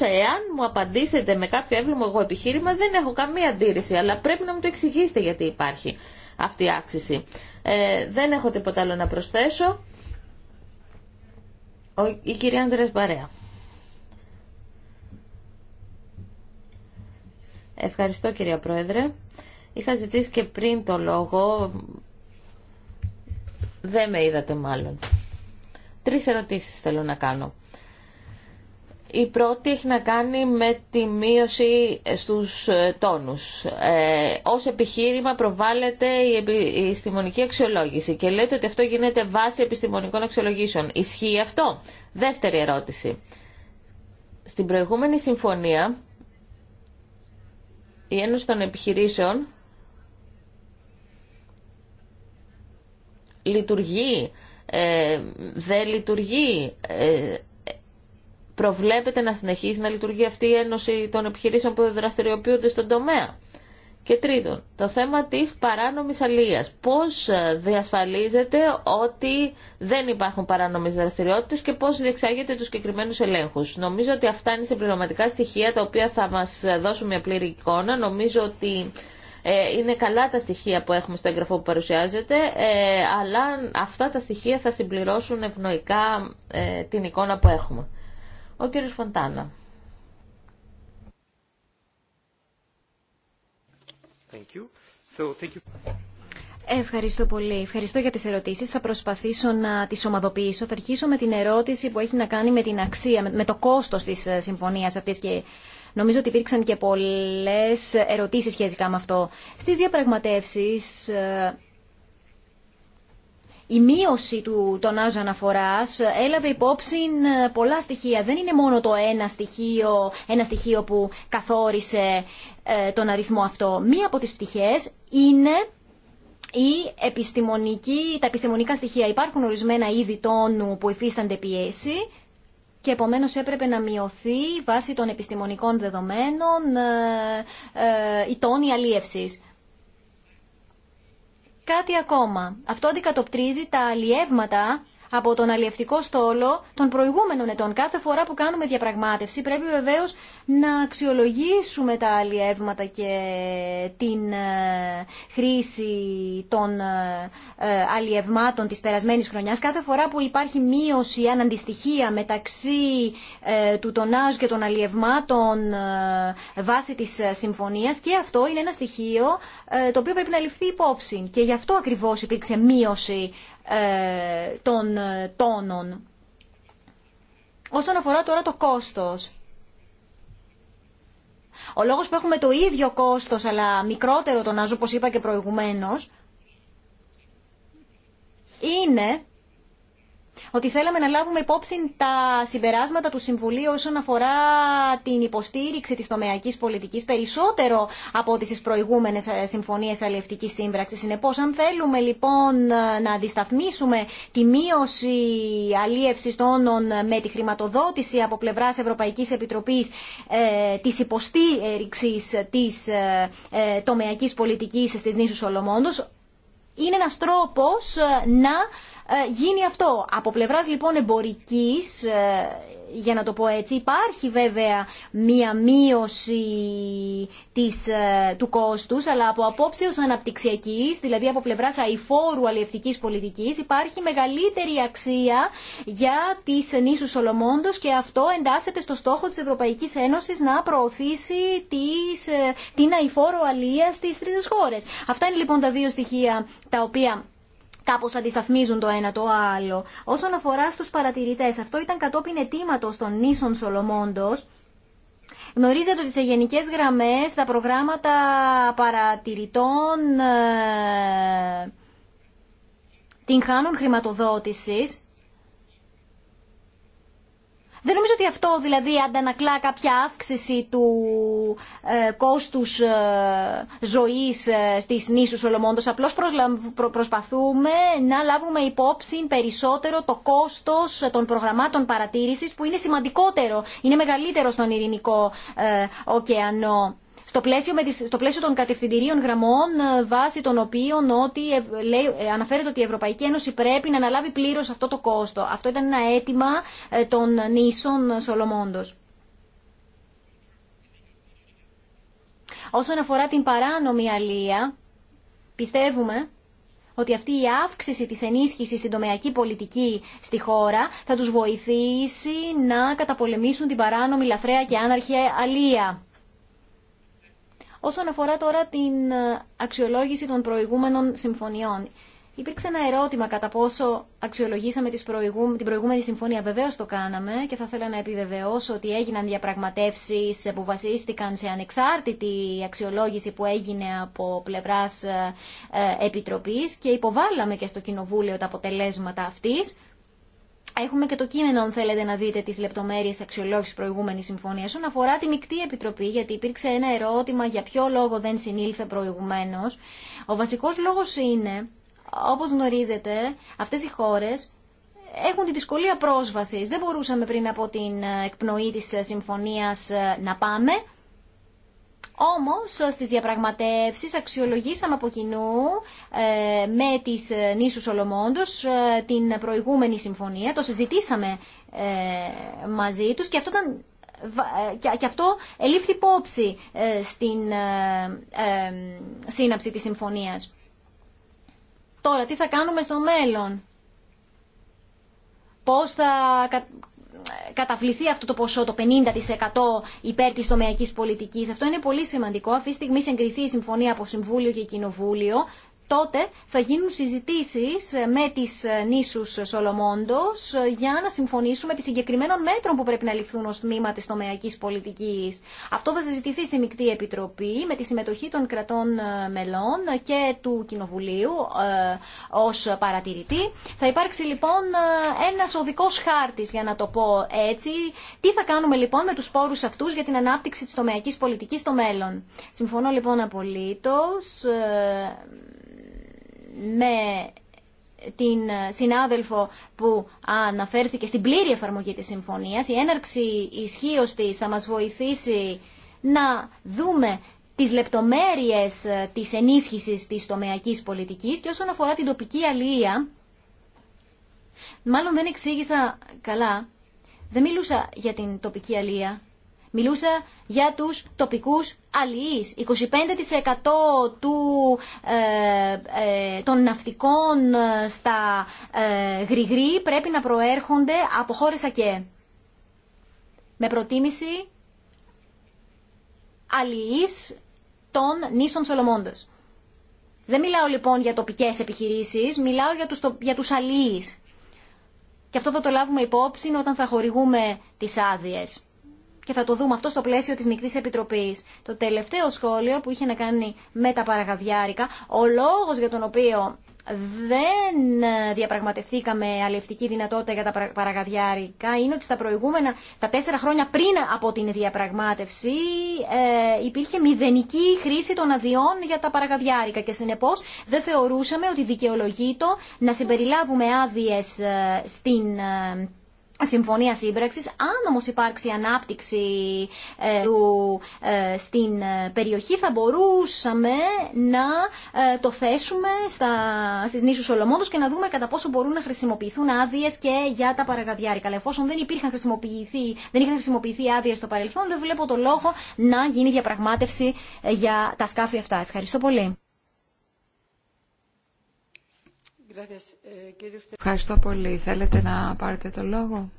Εάν μου απαντήσετε με κάποιο εύλογο εγώ επιχείρημα δεν έχω καμία αντίρρηση, αλλά πρέπει να μου το εξηγήσετε γιατί υπάρχει αυτή η άξιση. Ε, δεν έχω τίποτα άλλο να προσθέσω. Ο, η κυρία Ανδρέας Μπαρέα. Ευχαριστώ κυρία Πρόεδρε. Είχα ζητήσει και πριν το λόγο. Δεν με είδατε μάλλον. Τρεις ερωτήσεις θέλω να κάνω. Η πρώτη έχει να κάνει με τη μείωση στους ε, τόνους. Ε, ως επιχείρημα προβάλλεται η επιστημονική αξιολόγηση και λέτε ότι αυτό γίνεται βάση επιστημονικών αξιολογήσεων. Ισχύει αυτό. Δεύτερη ερώτηση. Στην προηγούμενη συμφωνία η Ένωση των Επιχειρήσεων λειτουργεί, ε, δεν λειτουργεί... Ε, προβλέπεται να συνεχίσει να λειτουργεί αυτή η ένωση των επιχειρήσεων που δραστηριοποιούνται στον τομέα. Και τρίτον, το θέμα της παράνομης αλίας. Πώς ε, διασφαλίζεται ότι δεν υπάρχουν παράνομες δραστηριότητες και πώς διεξάγεται τους συγκεκριμένους ελέγχους. Νομίζω ότι αυτά είναι συμπληρωματικά στοιχεία τα οποία θα μας δώσουν μια πλήρη εικόνα. Νομίζω ότι ε, είναι καλά τα στοιχεία που έχουμε στο έγγραφο που παρουσιάζεται, ε, αλλά αυτά τα στοιχεία θα συμπληρώσουν ευνοϊκά την εικόνα που έχουμε. Ο κύριος Φοντάνα. Thank you. So, thank you. Ευχαριστώ πολύ. Ευχαριστώ για τις ερωτήσεις. Θα προσπαθήσω να τις ομαδοποιήσω. Θα αρχίσω με την ερώτηση που έχει να κάνει με την αξία, με το κόστος της ε, συμφωνίας αυτής και νομίζω ότι υπήρξαν και πολλές ερωτήσεις σχετικά με αυτό. Στις διαπραγματεύσεις ε, η μείωση του τονάζ αναφορά ε, έλαβε υπόψη ε, πολλά στοιχεία. Δεν είναι μόνο το ένα στοιχείο, ένα στοιχείο που καθόρισε ε, τον αριθμό αυτό. Μία από τις πτυχέ είναι η επιστημονική, τα επιστημονικά στοιχεία. Υπάρχουν ορισμένα είδη τόνου που υφίστανται πιέση και επομένως έπρεπε να μειωθεί βάσει των επιστημονικών δεδομένων η τόνη αλίευση. Κάτι ακόμα. Αυτό αντικατοπτρίζει τα αλλιεύματα από τον αλλιευτικό στόλο των προηγούμενων ετών. Κάθε φορά που κάνουμε διαπραγμάτευση πρέπει βεβαίως να αξιολογήσουμε τα αλλιεύματα και την ε, χρήση των ε, ε, αλλιευμάτων της περασμένης χρονιάς. Κάθε φορά που υπάρχει μείωση, ή μεταξύ του τονάζ και των αλλιευμάτων βάσει της συμφωνίας και αυτό είναι ένα στοιχείο το οποίο πρέπει να ληφθεί υπόψη. Και γι' αυτό ακριβώς υπήρξε μείωση ε, των ε, τόνων. Όσον αφορά τώρα το κόστος, ο λόγος που έχουμε το ίδιο κόστος αλλά μικρότερο τον ζω, όπως είπα και προηγουμένως, είναι ότι θέλαμε να λάβουμε υπόψη τα συμπεράσματα του Συμβουλίου όσον αφορά την υποστήριξη της τομεακής πολιτικής περισσότερο από τις προηγούμενε προηγούμενες ε, συμφωνίες σύμπραξη. Συνεπώ, Συνεπώς, αν θέλουμε λοιπόν να αντισταθμίσουμε τη μείωση αλλίευση τόνων με τη χρηματοδότηση από πλευράς Ευρωπαϊκής Επιτροπή ε, της υποστήριξης της ε, ε τομεακής πολιτικής στις είναι ένας τρόπος ε, να ε, γίνει αυτό. Από πλευράς λοιπόν εμπορικής, ε, για να το πω έτσι, υπάρχει βέβαια μία μείωση της, ε, του κόστους, αλλά από ως αναπτυξιακής, δηλαδή από πλευράς αηφόρου αλλιευτική πολιτικής, υπάρχει μεγαλύτερη αξία για τις νήσους Σολομόντος και αυτό εντάσσεται στο στόχο της Ευρωπαϊκής Ένωσης να προωθήσει τις, την αηφόρο αλλία στις τρίτες χώρες. Αυτά είναι λοιπόν τα δύο στοιχεία τα οποία Κάπω αντισταθμίζουν το ένα το άλλο. Όσον αφορά στους παρατηρητές, αυτό ήταν κατόπιν αιτήματο των νήσων Σολομόντο. Γνωρίζετε ότι σε γενικέ γραμμές τα προγράμματα παρατηρητών ε, την χάνουν χρηματοδότησης. Δεν νομίζω ότι αυτό δηλαδή αντανακλά κάποια αύξηση του ε, κόστους ε, ζωής ε, στις νήσους Σολομόντος. Απλώς προσπαθούμε να λάβουμε υπόψη περισσότερο το κόστος των προγραμμάτων παρατήρησης που είναι σημαντικότερο, είναι μεγαλύτερο στον Ειρηνικό ωκεανό. Στο πλαίσιο, με των κατευθυντηρίων γραμμών, βάσει των οποίων ότι, αναφέρεται ότι η Ευρωπαϊκή Ένωση πρέπει να αναλάβει πλήρω αυτό το κόστο. Αυτό ήταν ένα αίτημα των νήσων Σολομόντος. Όσον αφορά την παράνομη αλία, πιστεύουμε ότι αυτή η αύξηση της ενίσχυσης στην τομεακή πολιτική στη χώρα θα τους βοηθήσει να καταπολεμήσουν την παράνομη λαθρέα και άναρχη αλία. Όσον αφορά τώρα την αξιολόγηση των προηγούμενων συμφωνιών, Υπήρξε ένα ερώτημα κατά πόσο αξιολογήσαμε τις την προηγούμενη συμφωνία. Βεβαίω το κάναμε και θα ήθελα να επιβεβαιώσω ότι έγιναν διαπραγματεύσει που βασίστηκαν σε ανεξάρτητη αξιολόγηση που έγινε από πλευρά ε, ε, Επιτροπή και υποβάλαμε και στο Κοινοβούλιο τα αποτελέσματα αυτή. Έχουμε και το κείμενο, αν θέλετε να δείτε τι λεπτομέρειε αξιολόγηση προηγούμενη συμφωνία. Όσον αφορά τη μεικτή επιτροπή, γιατί υπήρξε ένα ερώτημα για ποιο λόγο δεν συνήλθε προηγουμένω. Ο βασικό λόγο είναι όπως γνωρίζετε, αυτές οι χώρες έχουν τη δυσκολία πρόσβασης. Δεν μπορούσαμε πριν από την ε, εκπνοή της ε, συμφωνίας ε, να πάμε. Όμως, στις διαπραγματεύσεις αξιολογήσαμε από κοινού με τις νήσου Σολομόντος την προηγούμενη συμφωνία. Το συζητήσαμε μαζί τους και αυτό και αυτό ελήφθη υπόψη στην σύναψη της συμφωνίας. Τώρα, τι θα κάνουμε στο μέλλον. Πώς θα καταβληθεί αυτό το ποσό, το 50% υπέρ της τομεακής πολιτικής. Αυτό είναι πολύ σημαντικό. Αυτή τη στιγμή συγκριθεί η συμφωνία από Συμβούλιο και Κοινοβούλιο τότε θα γίνουν συζητήσεις ε, με τις ε, νήσους Σολομόντος ε, για να συμφωνήσουμε επί συγκεκριμένων μέτρων που πρέπει να ληφθούν ως τμήμα της τομεακής πολιτικής. Αυτό θα συζητηθεί στη Μικτή Επιτροπή με τη συμμετοχή των κρατών μελών και του Κοινοβουλίου ως παρατηρητή. Θα υπάρξει λοιπόν ένας οδικός χάρτης για να το πω έτσι. Τι θα κάνουμε λοιπόν με τους πόρους αυτούς για την ανάπτυξη της τομεακής πολιτικής στο μέλλον. Συμφωνώ λοιπόν απολύτως με την συνάδελφο που αναφέρθηκε στην πλήρη εφαρμογή της συμφωνίας. Η έναρξη ισχύω της θα μας βοηθήσει να δούμε τις λεπτομέρειες της ενίσχυσης της τομεακής πολιτικής και όσον αφορά την τοπική αλληλεία, μάλλον δεν εξήγησα καλά, δεν μιλούσα για την τοπική αλληλεία, Μιλούσα για τους τοπικούς αλληλείς. 25% του, ε, ε, των ναυτικών ε, στα ε, πρέπει να προέρχονται από χώρες ΑΚΕ. Με προτίμηση αλληλείς των νήσων Σολομώντας. Δεν μιλάω λοιπόν για τοπικές επιχειρήσεις, μιλάω για τους, για τους αλληλείς. Και αυτό θα το λάβουμε υπόψη όταν θα χορηγούμε τις άδειες και θα το δούμε αυτό στο πλαίσιο της Μικτής Επιτροπής. Το τελευταίο σχόλιο που είχε να κάνει με τα παραγαδιάρικα, ο λόγος για τον οποίο δεν διαπραγματευθήκαμε αλληλευτική δυνατότητα για τα παραγαδιάρικα είναι ότι στα προηγούμενα, τα τέσσερα χρόνια πριν από την διαπραγμάτευση ε, υπήρχε μηδενική χρήση των αδειών για τα παραγαδιάρικα και συνεπώς δεν θεωρούσαμε ότι δικαιολογεί το να συμπεριλάβουμε άδειε ε, στην ε, Συμφωνία σύμπραξη, Αν όμω υπάρξει ανάπτυξη ε, του ε, στην ε, περιοχή θα μπορούσαμε να το θέσουμε στα, στις νήσους Σολομόντος και να δούμε κατά πόσο μπορούν να χρησιμοποιηθούν άδειε και για τα παραγαδιάρικα. Αλλά εφόσον δεν, υπήρχαν χρησιμοποιηθεί, δεν είχαν χρησιμοποιηθεί άδειε στο παρελθόν δεν βλέπω το λόγο να γίνει διαπραγμάτευση για τα σκάφη αυτά. Ευχαριστώ πολύ. Eh, Ευχαριστώ πολύ. Θέλετε να πάρετε το λόγο.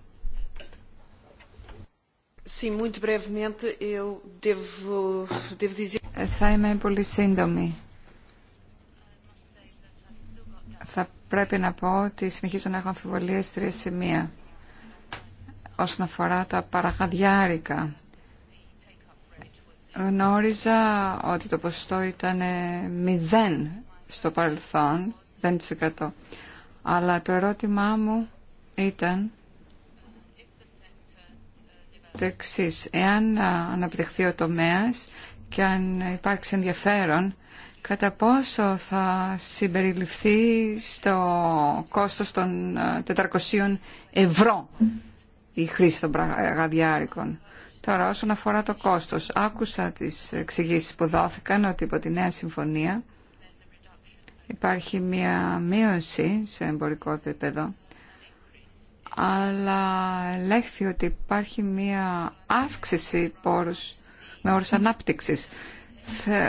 Ε, θα είμαι πολύ σύντομη. Θα πρέπει να πω ότι συνεχίζω να έχω αμφιβολίες τρία σημεία όσον αφορά τα παραχαδιάρικα. Γνώριζα ότι το ποσοστό ήταν μηδέν στο παρελθόν αλλά το ερώτημά μου ήταν το εξή. Εάν αναπτυχθεί ο τομέα και αν υπάρξει ενδιαφέρον, κατά πόσο θα συμπεριληφθεί στο κόστος των 400 ευρώ η χρήση των γαδιάρικων. Τώρα, όσον αφορά το κόστος, άκουσα τις εξηγήσεις που δόθηκαν ότι υπό τη νέα συμφωνία υπάρχει μία μείωση σε εμπορικό επίπεδο, αλλά λέχθη ότι υπάρχει μία αύξηση πόρους με όρους ανάπτυξης.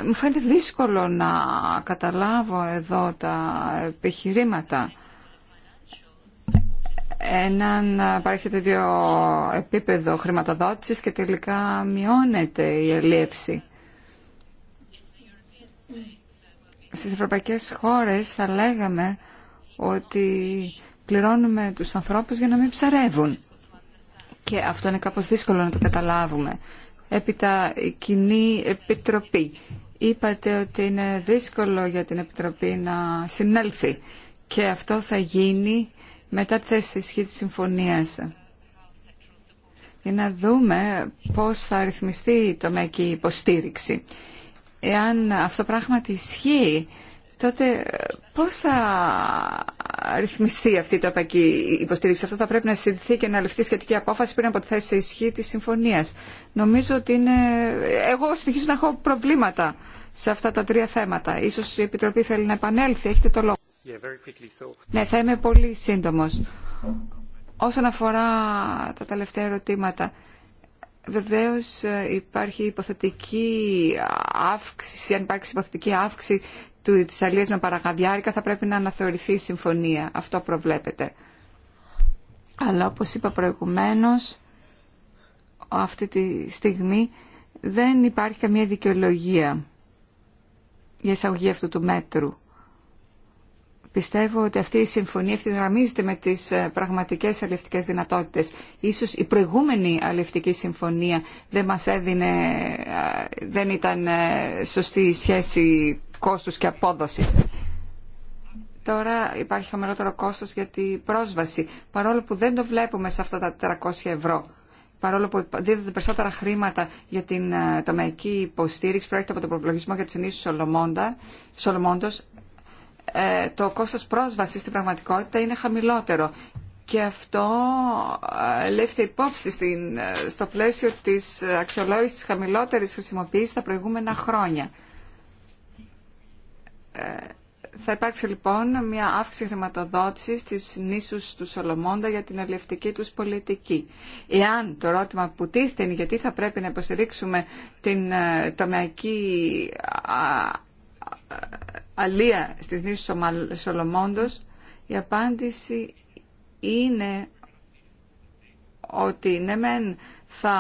Μου φαίνεται δύσκολο να καταλάβω εδώ τα επιχειρήματα. Έναν παρέχεται δύο επίπεδο χρηματοδότησης και τελικά μειώνεται η ελίευση. στις ευρωπαϊκές χώρες θα λέγαμε ότι πληρώνουμε τους ανθρώπους για να μην ψαρεύουν. Και αυτό είναι κάπως δύσκολο να το καταλάβουμε. Έπειτα η κοινή επιτροπή. Είπατε ότι είναι δύσκολο για την επιτροπή να συνέλθει και αυτό θα γίνει μετά τη θέση ισχύ της συμφωνίας. Για να δούμε πώς θα ρυθμιστεί η μεκι υποστήριξη εάν αυτό πράγματι ισχύει, τότε ε, πώς θα ρυθμιστεί αυτή η τοπική υποστήριξη. Αυτό θα πρέπει να συνδυθεί και να ληφθεί σχετική απόφαση πριν από τη θέση σε ισχύ της συμφωνίας. Νομίζω ότι είναι... Εγώ συνεχίζω να έχω προβλήματα σε αυτά τα τρία θέματα. Ίσως η Επιτροπή θέλει να επανέλθει. Έχετε το λόγο. Ναι, θα είμαι πολύ σύντομος. Όσον αφορά τα τελευταία ερωτήματα, Βεβαίως ε, υπάρχει υποθετική αύξηση, αν υπάρξει υποθετική αύξηση του, της αλίας με παραγαδιάρικα θα πρέπει να αναθεωρηθεί η συμφωνία. Αυτό προβλέπεται. Αλλά όπως είπα προηγουμένως, αυτή τη στιγμή δεν υπάρχει καμία δικαιολογία για εισαγωγή αυτού του μέτρου. Πιστεύω ότι αυτή η συμφωνία ευθυγραμμίζεται με τις ε, πραγματικές αλληλευτικέ δυνατότητες. Ίσως η προηγούμενη αλληλευτική συμφωνία δεν μας έδινε, ε, δεν ήταν ε, σωστή η σχέση κόστους και απόδοσης. Τώρα υπάρχει ομερότερο κόστος για την πρόσβαση, παρόλο που δεν το βλέπουμε σε αυτά τα 400 ευρώ. Παρόλο που δίδεται περισσότερα χρήματα για την τομεική υποστήριξη, πρόκειται από τον προπολογισμό για τις ενίσχυση Σολομόντος, ε, το κόστος πρόσβασης στην πραγματικότητα είναι χαμηλότερο. Και αυτό λέφτε υπόψη στην, ε, στο πλαίσιο της αξιολόγησης της χαμηλότερης χρησιμοποίησης τα προηγούμενα χρόνια. Ε, θα υπάρξει λοιπόν μια αύξηση χρηματοδότησης της νήσους του Σολομώντα για την αλληλευτική τους πολιτική. Εάν το ερώτημα που τίθεται είναι γιατί θα πρέπει να υποστηρίξουμε την τομεακή αλία στις νήσους Σολομόντος, η απάντηση είναι ότι ναι μεν θα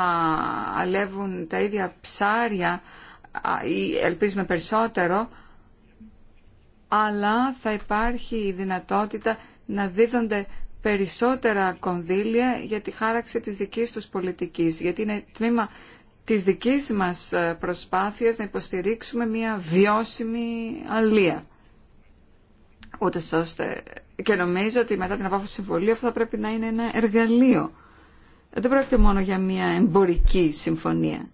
αλεύουν τα ίδια ψάρια ή ελπίζουμε περισσότερο, αλλά θα υπάρχει η δυνατότητα να δίδονται περισσότερα κονδύλια για τη χάραξη της δικής τους πολιτικής, γιατί είναι τμήμα της δικής μας ε, προσπάθειας να υποστηρίξουμε μια βιώσιμη αλία. Ούτε Και νομίζω ότι μετά την απόφαση συμβολή αυτό θα πρέπει να είναι ένα εργαλείο. Δεν πρόκειται μόνο για μια εμπορική συμφωνία.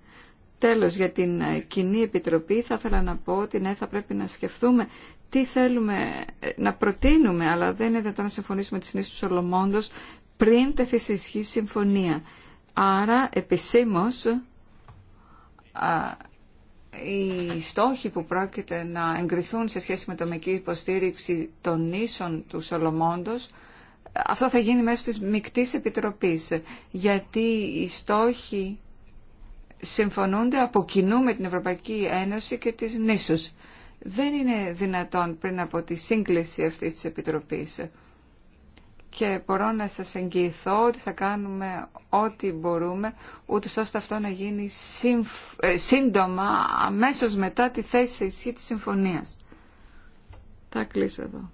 Τέλος, για την ε, Κοινή Επιτροπή θα ήθελα να πω ότι ναι, θα πρέπει να σκεφτούμε τι θέλουμε ε, να προτείνουμε, αλλά δεν είναι δυνατόν να συμφωνήσουμε τη συνήθεια του Σολομόντος πριν τεθεί σε συμφωνία. Άρα, επισήμως, οι στόχοι που πρόκειται να εγκριθούν σε σχέση με το μεκή υποστήριξη των νήσων του Σολομόντος, αυτό θα γίνει μέσω της μικτής επιτροπής, γιατί οι στόχοι συμφωνούνται από κοινού με την Ευρωπαϊκή Ένωση και τις νήσους. Δεν είναι δυνατόν πριν από τη σύγκληση αυτής της επιτροπής και μπορώ να σας εγγυηθώ ότι θα κάνουμε ό,τι μπορούμε ούτω ώστε αυτό να γίνει ε, σύντομα αμέσως μετά τη θέση σε ισχύ της συμφωνίας. Θα κλείσω εδώ.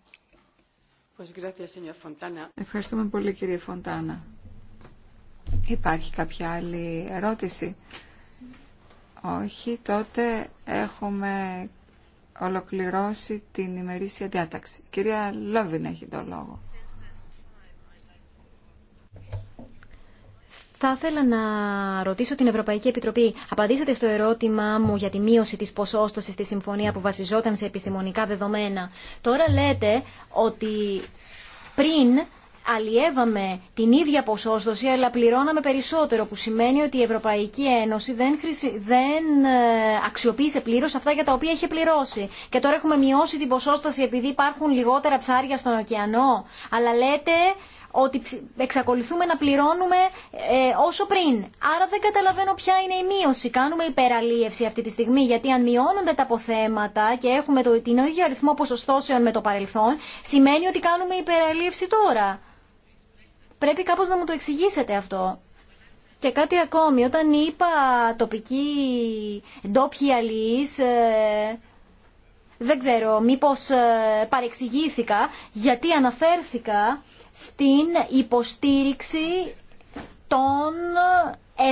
Ευχαριστούμε πολύ κύριε Φοντάνα. Υπάρχει κάποια άλλη ερώτηση. Όχι, τότε έχουμε ολοκληρώσει την ημερήσια διάταξη. Κυρία Λόβιν έχει το λόγο. Θα ήθελα να ρωτήσω την Ευρωπαϊκή Επιτροπή. Απαντήσατε στο ερώτημά μου για τη μείωση τη ποσόστοση στη συμφωνία που βασιζόταν σε επιστημονικά δεδομένα. Τώρα λέτε ότι πριν αλλιεύαμε την ίδια ποσόστοση αλλά πληρώναμε περισσότερο που σημαίνει ότι η Ευρωπαϊκή Ένωση δεν, χρησι... δεν ε, αξιοποίησε πλήρως αυτά για τα οποία είχε πληρώσει και τώρα έχουμε μειώσει την ποσόσταση επειδή υπάρχουν λιγότερα ψάρια στον ωκεανό αλλά λέτε ότι εξακολουθούμε να πληρώνουμε ε, όσο πριν. Άρα δεν καταλαβαίνω ποια είναι η μείωση. Κάνουμε υπεραλίευση αυτή τη στιγμή, γιατί αν μειώνονται τα αποθέματα και έχουμε το, την ίδιο αριθμό ποσοστώσεων με το παρελθόν, σημαίνει ότι κάνουμε υπεραλίευση τώρα. Πρέπει κάπως να μου το εξηγήσετε αυτό. Και κάτι ακόμη, όταν είπα τοπική ντόπια λύση ε, δεν ξέρω, μήπως ε, παρεξηγήθηκα, γιατί αναφέρθηκα στην υποστήριξη των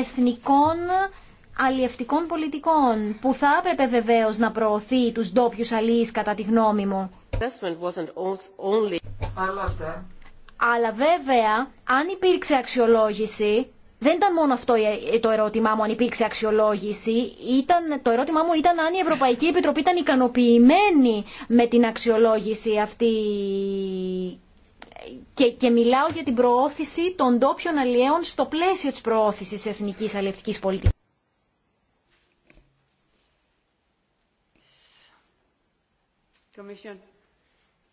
εθνικών αλλιευτικών πολιτικών που θα έπρεπε βεβαίως να προωθεί τους ντόπιου αλλοίς κατά τη γνώμη μου. Αλλά βέβαια, αν υπήρξε αξιολόγηση, δεν ήταν μόνο αυτό το ερώτημά μου αν υπήρξε αξιολόγηση, ήταν, το ερώτημά μου ήταν αν η Ευρωπαϊκή Επιτροπή ήταν ικανοποιημένη με την αξιολόγηση αυτή και, και μιλάω για την προώθηση των ντόπιων αλλιέων στο πλαίσιο της προώθησης εθνικής αλλιευτικής πολιτικής.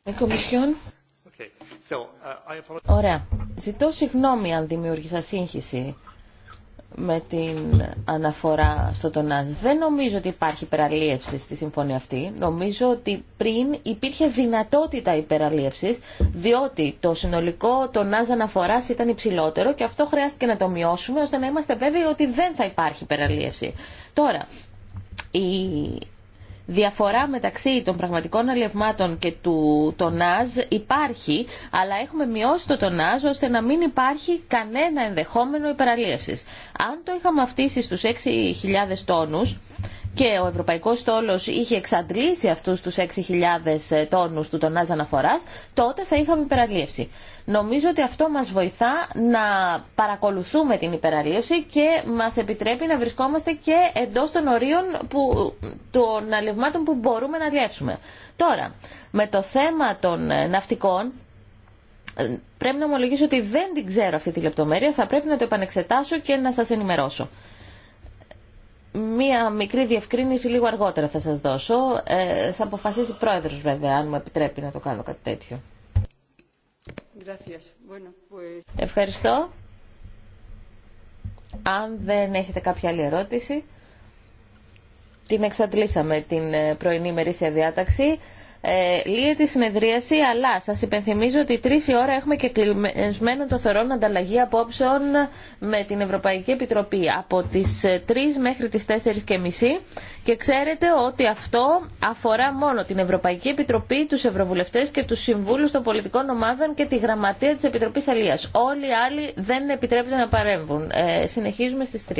Ε, uh, Ωραία. Ζητώ συγγνώμη αν δημιούργησα σύγχυση με την αναφορά στο τονάζ. Δεν νομίζω ότι υπάρχει υπεραλίευση στη συμφωνία αυτή. Νομίζω ότι πριν υπήρχε δυνατότητα υπεραλίευση, διότι το συνολικό τονάζ αναφοράς ήταν υψηλότερο και αυτό χρειάστηκε να το μειώσουμε ώστε να είμαστε βέβαιοι ότι δεν θα υπάρχει υπεραλίευση. Τώρα, η διαφορά μεταξύ των πραγματικών αλευμάτων και του τονάζ υπάρχει, αλλά έχουμε μειώσει το τονάζ ώστε να μην υπάρχει κανένα ενδεχόμενο υπεραλίευσης. Αν το είχαμε αυτήσει στους 6.000 τόνους, και ο Ευρωπαϊκό Στόλο είχε εξαντλήσει αυτού του 6.000 ε, τόνου του τονάζ αναφορά, τότε θα είχαμε υπεραλίευση. Νομίζω ότι αυτό μα βοηθά να παρακολουθούμε την υπεραλίευση και μα επιτρέπει να βρισκόμαστε και εντό των ορίων που, των αλευμάτων που μπορούμε να αλλιεύσουμε. Τώρα, με το θέμα των ε, ναυτικών, ε, πρέπει να ομολογήσω ότι δεν την ξέρω αυτή τη λεπτομέρεια, θα πρέπει να το επανεξετάσω και να σας ενημερώσω. Μία μικρή διευκρίνηση λίγο αργότερα θα σας δώσω. Ε, θα αποφασίσει ο πρόεδρος βέβαια, αν μου επιτρέπει να το κάνω κάτι τέτοιο. Ευχαριστώ. Αν δεν έχετε κάποια άλλη ερώτηση, την εξαντλήσαμε την ε, πρωινή μερίσια διάταξη. Ε, λύεται η συνεδρίαση, αλλά σας υπενθυμίζω ότι τρει η ώρα έχουμε και κλεισμένο το θερόν ανταλλαγή απόψεων με την Ευρωπαϊκή Επιτροπή από τις ε, τρει μέχρι τις τέσσερι και μισή και ξέρετε ότι αυτό αφορά μόνο την Ευρωπαϊκή Επιτροπή, τους Ευρωβουλευτές και τους Συμβούλους των Πολιτικών Ομάδων και τη Γραμματεία της Επιτροπής Αλίας. Όλοι οι άλλοι δεν επιτρέπεται να παρέμβουν. Ε, συνεχίζουμε στις 3.